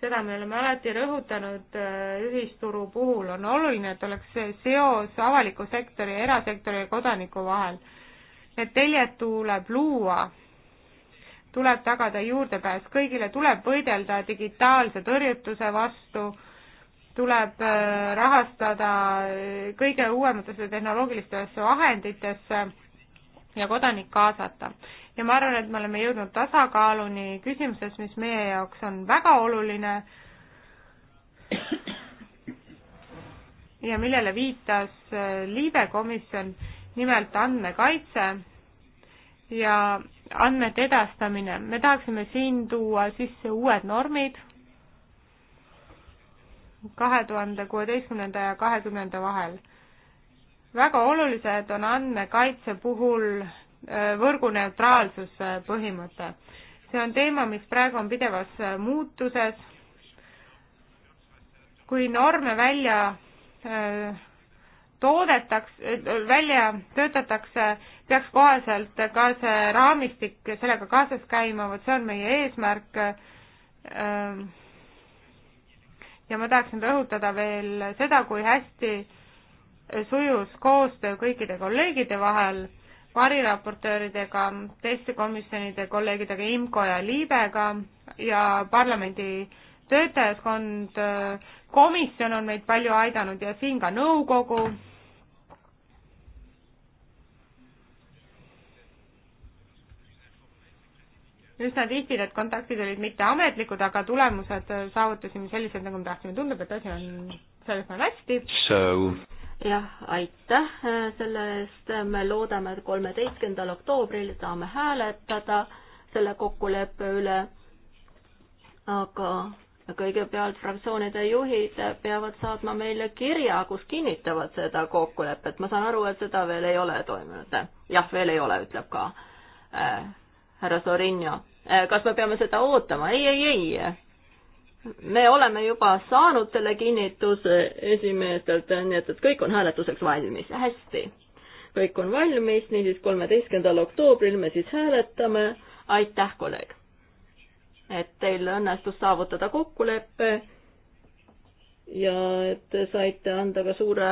seda me oleme alati rõhutanud äh, ühisturu puhul, on oluline, et oleks seos avaliku sektori, erasektori ja kodaniku vahel. Need teljed tuleb luua, tuleb tagada juurdepääs kõigile, tuleb võidelda digitaalse tõrjutuse vastu tuleb äh, rahastada äh, kõige uuematesse tehnoloogilistesse vahenditesse ja kodanik kaasata. ja ma arvan, et me oleme jõudnud tasakaaluni küsimuses, mis meie jaoks on väga oluline ja millele viitas äh, Liibe komisjon, nimelt andmekaitse ja andmete edastamine. me tahaksime siin tuua sisse uued normid kahe tuhande kuueteistkümnenda ja kahekümnenda vahel. väga olulised on andmekaitse puhul äh, võrguneutraalsuse põhimõte. see on teema, mis praegu on pidevas äh, muutuses. kui norme välja äh, toodetakse, välja töötatakse, peaks koheselt ka see raamistik sellega kaasas käima, vot see on meie eesmärk ja ma tahaksin rõhutada veel seda, kui hästi sujus koostöö kõikide kolleegide vahel, variraportööridega, teiste komisjonide kolleegidega, IMCO ja Liibega ja parlamendi töötajaskond, komisjon on meid palju aidanud ja siin ka nõukogu üsna tihti need kontaktid olid mitteametlikud, aga tulemused saavutasime sellised, nagu me tahtsime, tundub, et asi on selles mõttes hästi so.. jah, aitäh äh, selle eest, me loodame, et kolmeteistkümnendal oktoobril saame hääletada selle kokkuleppe üle, aga kõigepealt fraktsioonide juhid peavad saatma meile kirja, kus kinnitavad seda kokkulepet, ma saan aru, et seda veel ei ole toimunud. jah, veel ei ole, ütleb ka äh, härra Sorinio. Äh, kas me peame seda ootama? ei, ei, ei. me oleme juba saanud selle kinnituse esimeestelt, nii et, et kõik on hääletuseks valmis. hästi. kõik on valmis, niisiis kolmeteistkümnendal oktoobril me siis hääletame. aitäh, kolleeg. et teil õnnestus saavutada kokkulepe ja et te saite anda ka suure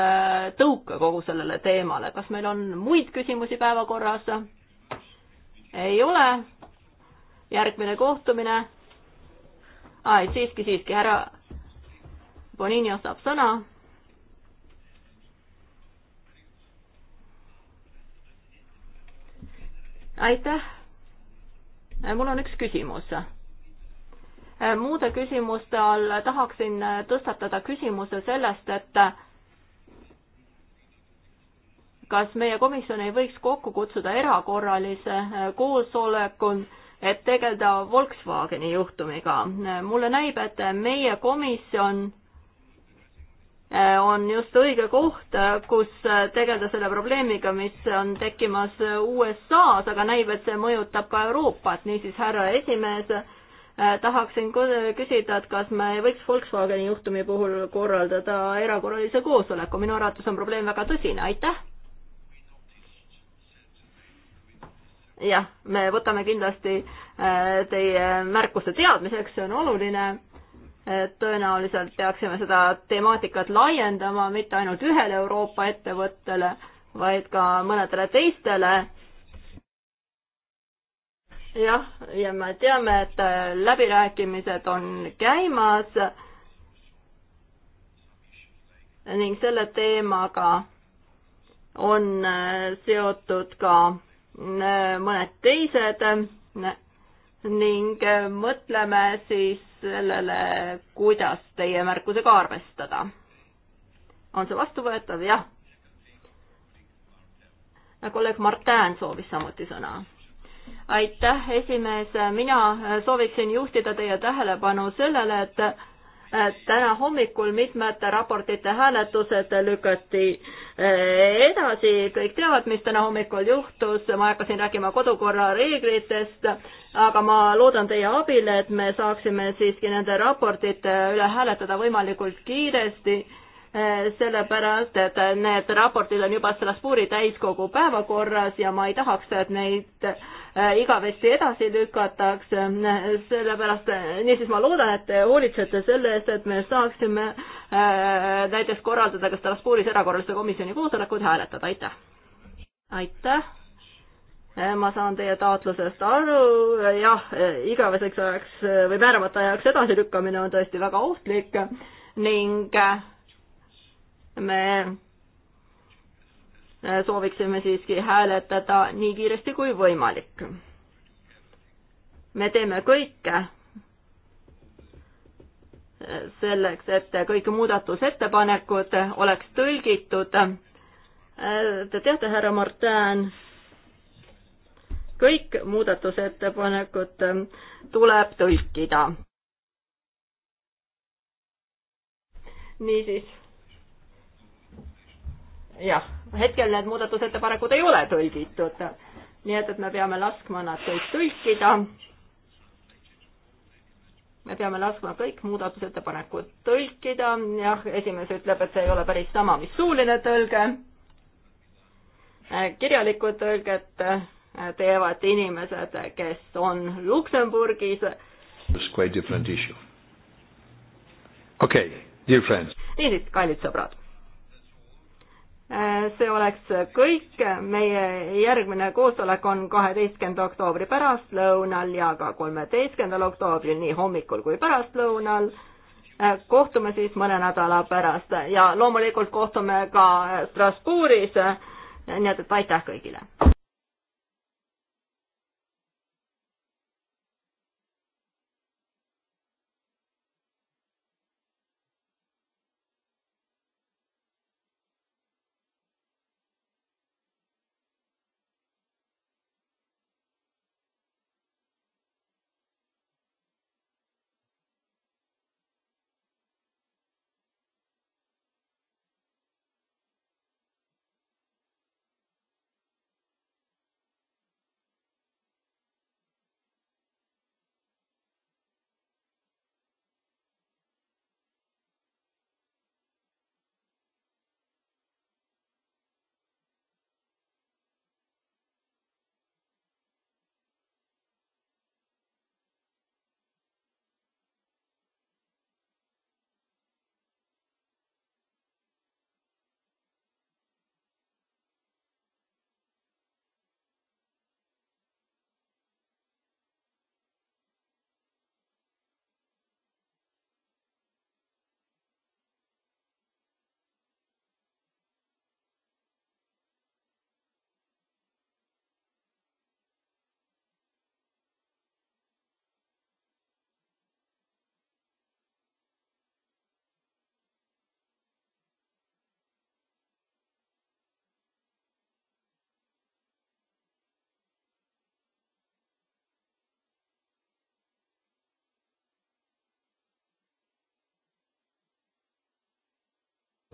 tõuke kogu sellele teemale. kas meil on muid küsimusi päevakorras? ei ole. järgmine kohtumine. aa, ei siiski, siiski, härra Bonino saab sõna. aitäh. mul on üks küsimus muude küsimuste all tahaksin tõstatada küsimuse sellest, et kas meie komisjon ei võiks kokku kutsuda erakorralise äh, koosoleku, et tegeleda Volkswageni juhtumiga. mulle näib, et meie komisjon äh, on just õige koht, äh, kus tegeleda selle probleemiga, mis on tekkimas USA-s, aga näib, et see mõjutab ka Euroopat, niisiis härra esimees, tahaksin küsida, et kas me võiks Volkswageni juhtumi puhul korraldada erakorralise koosoleku, minu arvates on probleem väga tõsine, aitäh! jah, me võtame kindlasti äh, teie märkuste teadmiseks, see on oluline. tõenäoliselt peaksime seda temaatikat laiendama mitte ainult ühele Euroopa ettevõttele, vaid ka mõnedele teistele. jah, ja me teame, et äh, läbirääkimised on käimas ning selle teemaga on äh, seotud ka Äh, mõned teised äh, ning äh, mõtleme siis sellele, kuidas teie märkusega arvestada. on see vastuvõetav? jah. kolleeg Martin soovis samuti sõna aitäh, esimees, mina sooviksin juhtida teie tähelepanu sellele, et täna hommikul mitmed raportite hääletused lükati eh, edasi, kõik teavad, mis täna hommikul juhtus, ma hakkasin rääkima kodukorra reeglitest, aga ma loodan teie abile, et me saaksime siiski nende raportite üle hääletada võimalikult kiiresti, eh, sellepärast et need raportid on juba Strasbourgi täiskogu päevakorras ja ma ei tahaks, et neid Äh, igavesti edasi lükatakse, sellepärast, niisiis ma loodan, et te hoolitsete selle eest, et me saaksime äh, näiteks korraldada ka Strasbourgis erakorralise komisjoni koosolekuid hääletada, aitäh! aitäh! Äh, ma saan teie taotlusest aru, jah, igaveseks ajaks või määramata ajaks edasilükkamine on tõesti väga ohtlik ning me Äh, sooviksime siiski hääletada nii kiiresti kui võimalik. me teeme kõike äh, selleks, et kõik muudatusettepanekud oleks tõlgitud. Äh, te teate, härra Martin, kõik muudatusettepanekud tuleb tõlkida. niisiis jah, hetkel need muudatusettepanekud ei ole tõlgitud. nii et, et me peame laskma nad kõik tõlkida. me peame laskma kõik muudatusettepanekud tõlkida, jah, esimees ütleb, et see ei ole päris sama, mis suuline tõlge. kirjalikku tõlget teevad inimesed, kes on Luksemburgis. It's quite different issue. okei okay,, dear friends. niisiis, kallid sõbrad Äh, see oleks kõik, meie järgmine koosolek on kaheteistkümnenda oktoobri pärastlõunal ja ka kolmeteistkümnendal oktoobril, nii hommikul kui pärastlõunal. Äh, kohtume siis mõne nädala pärast ja loomulikult kohtume ka Strasbourgis. Äh, nii et, et aitäh kõigile!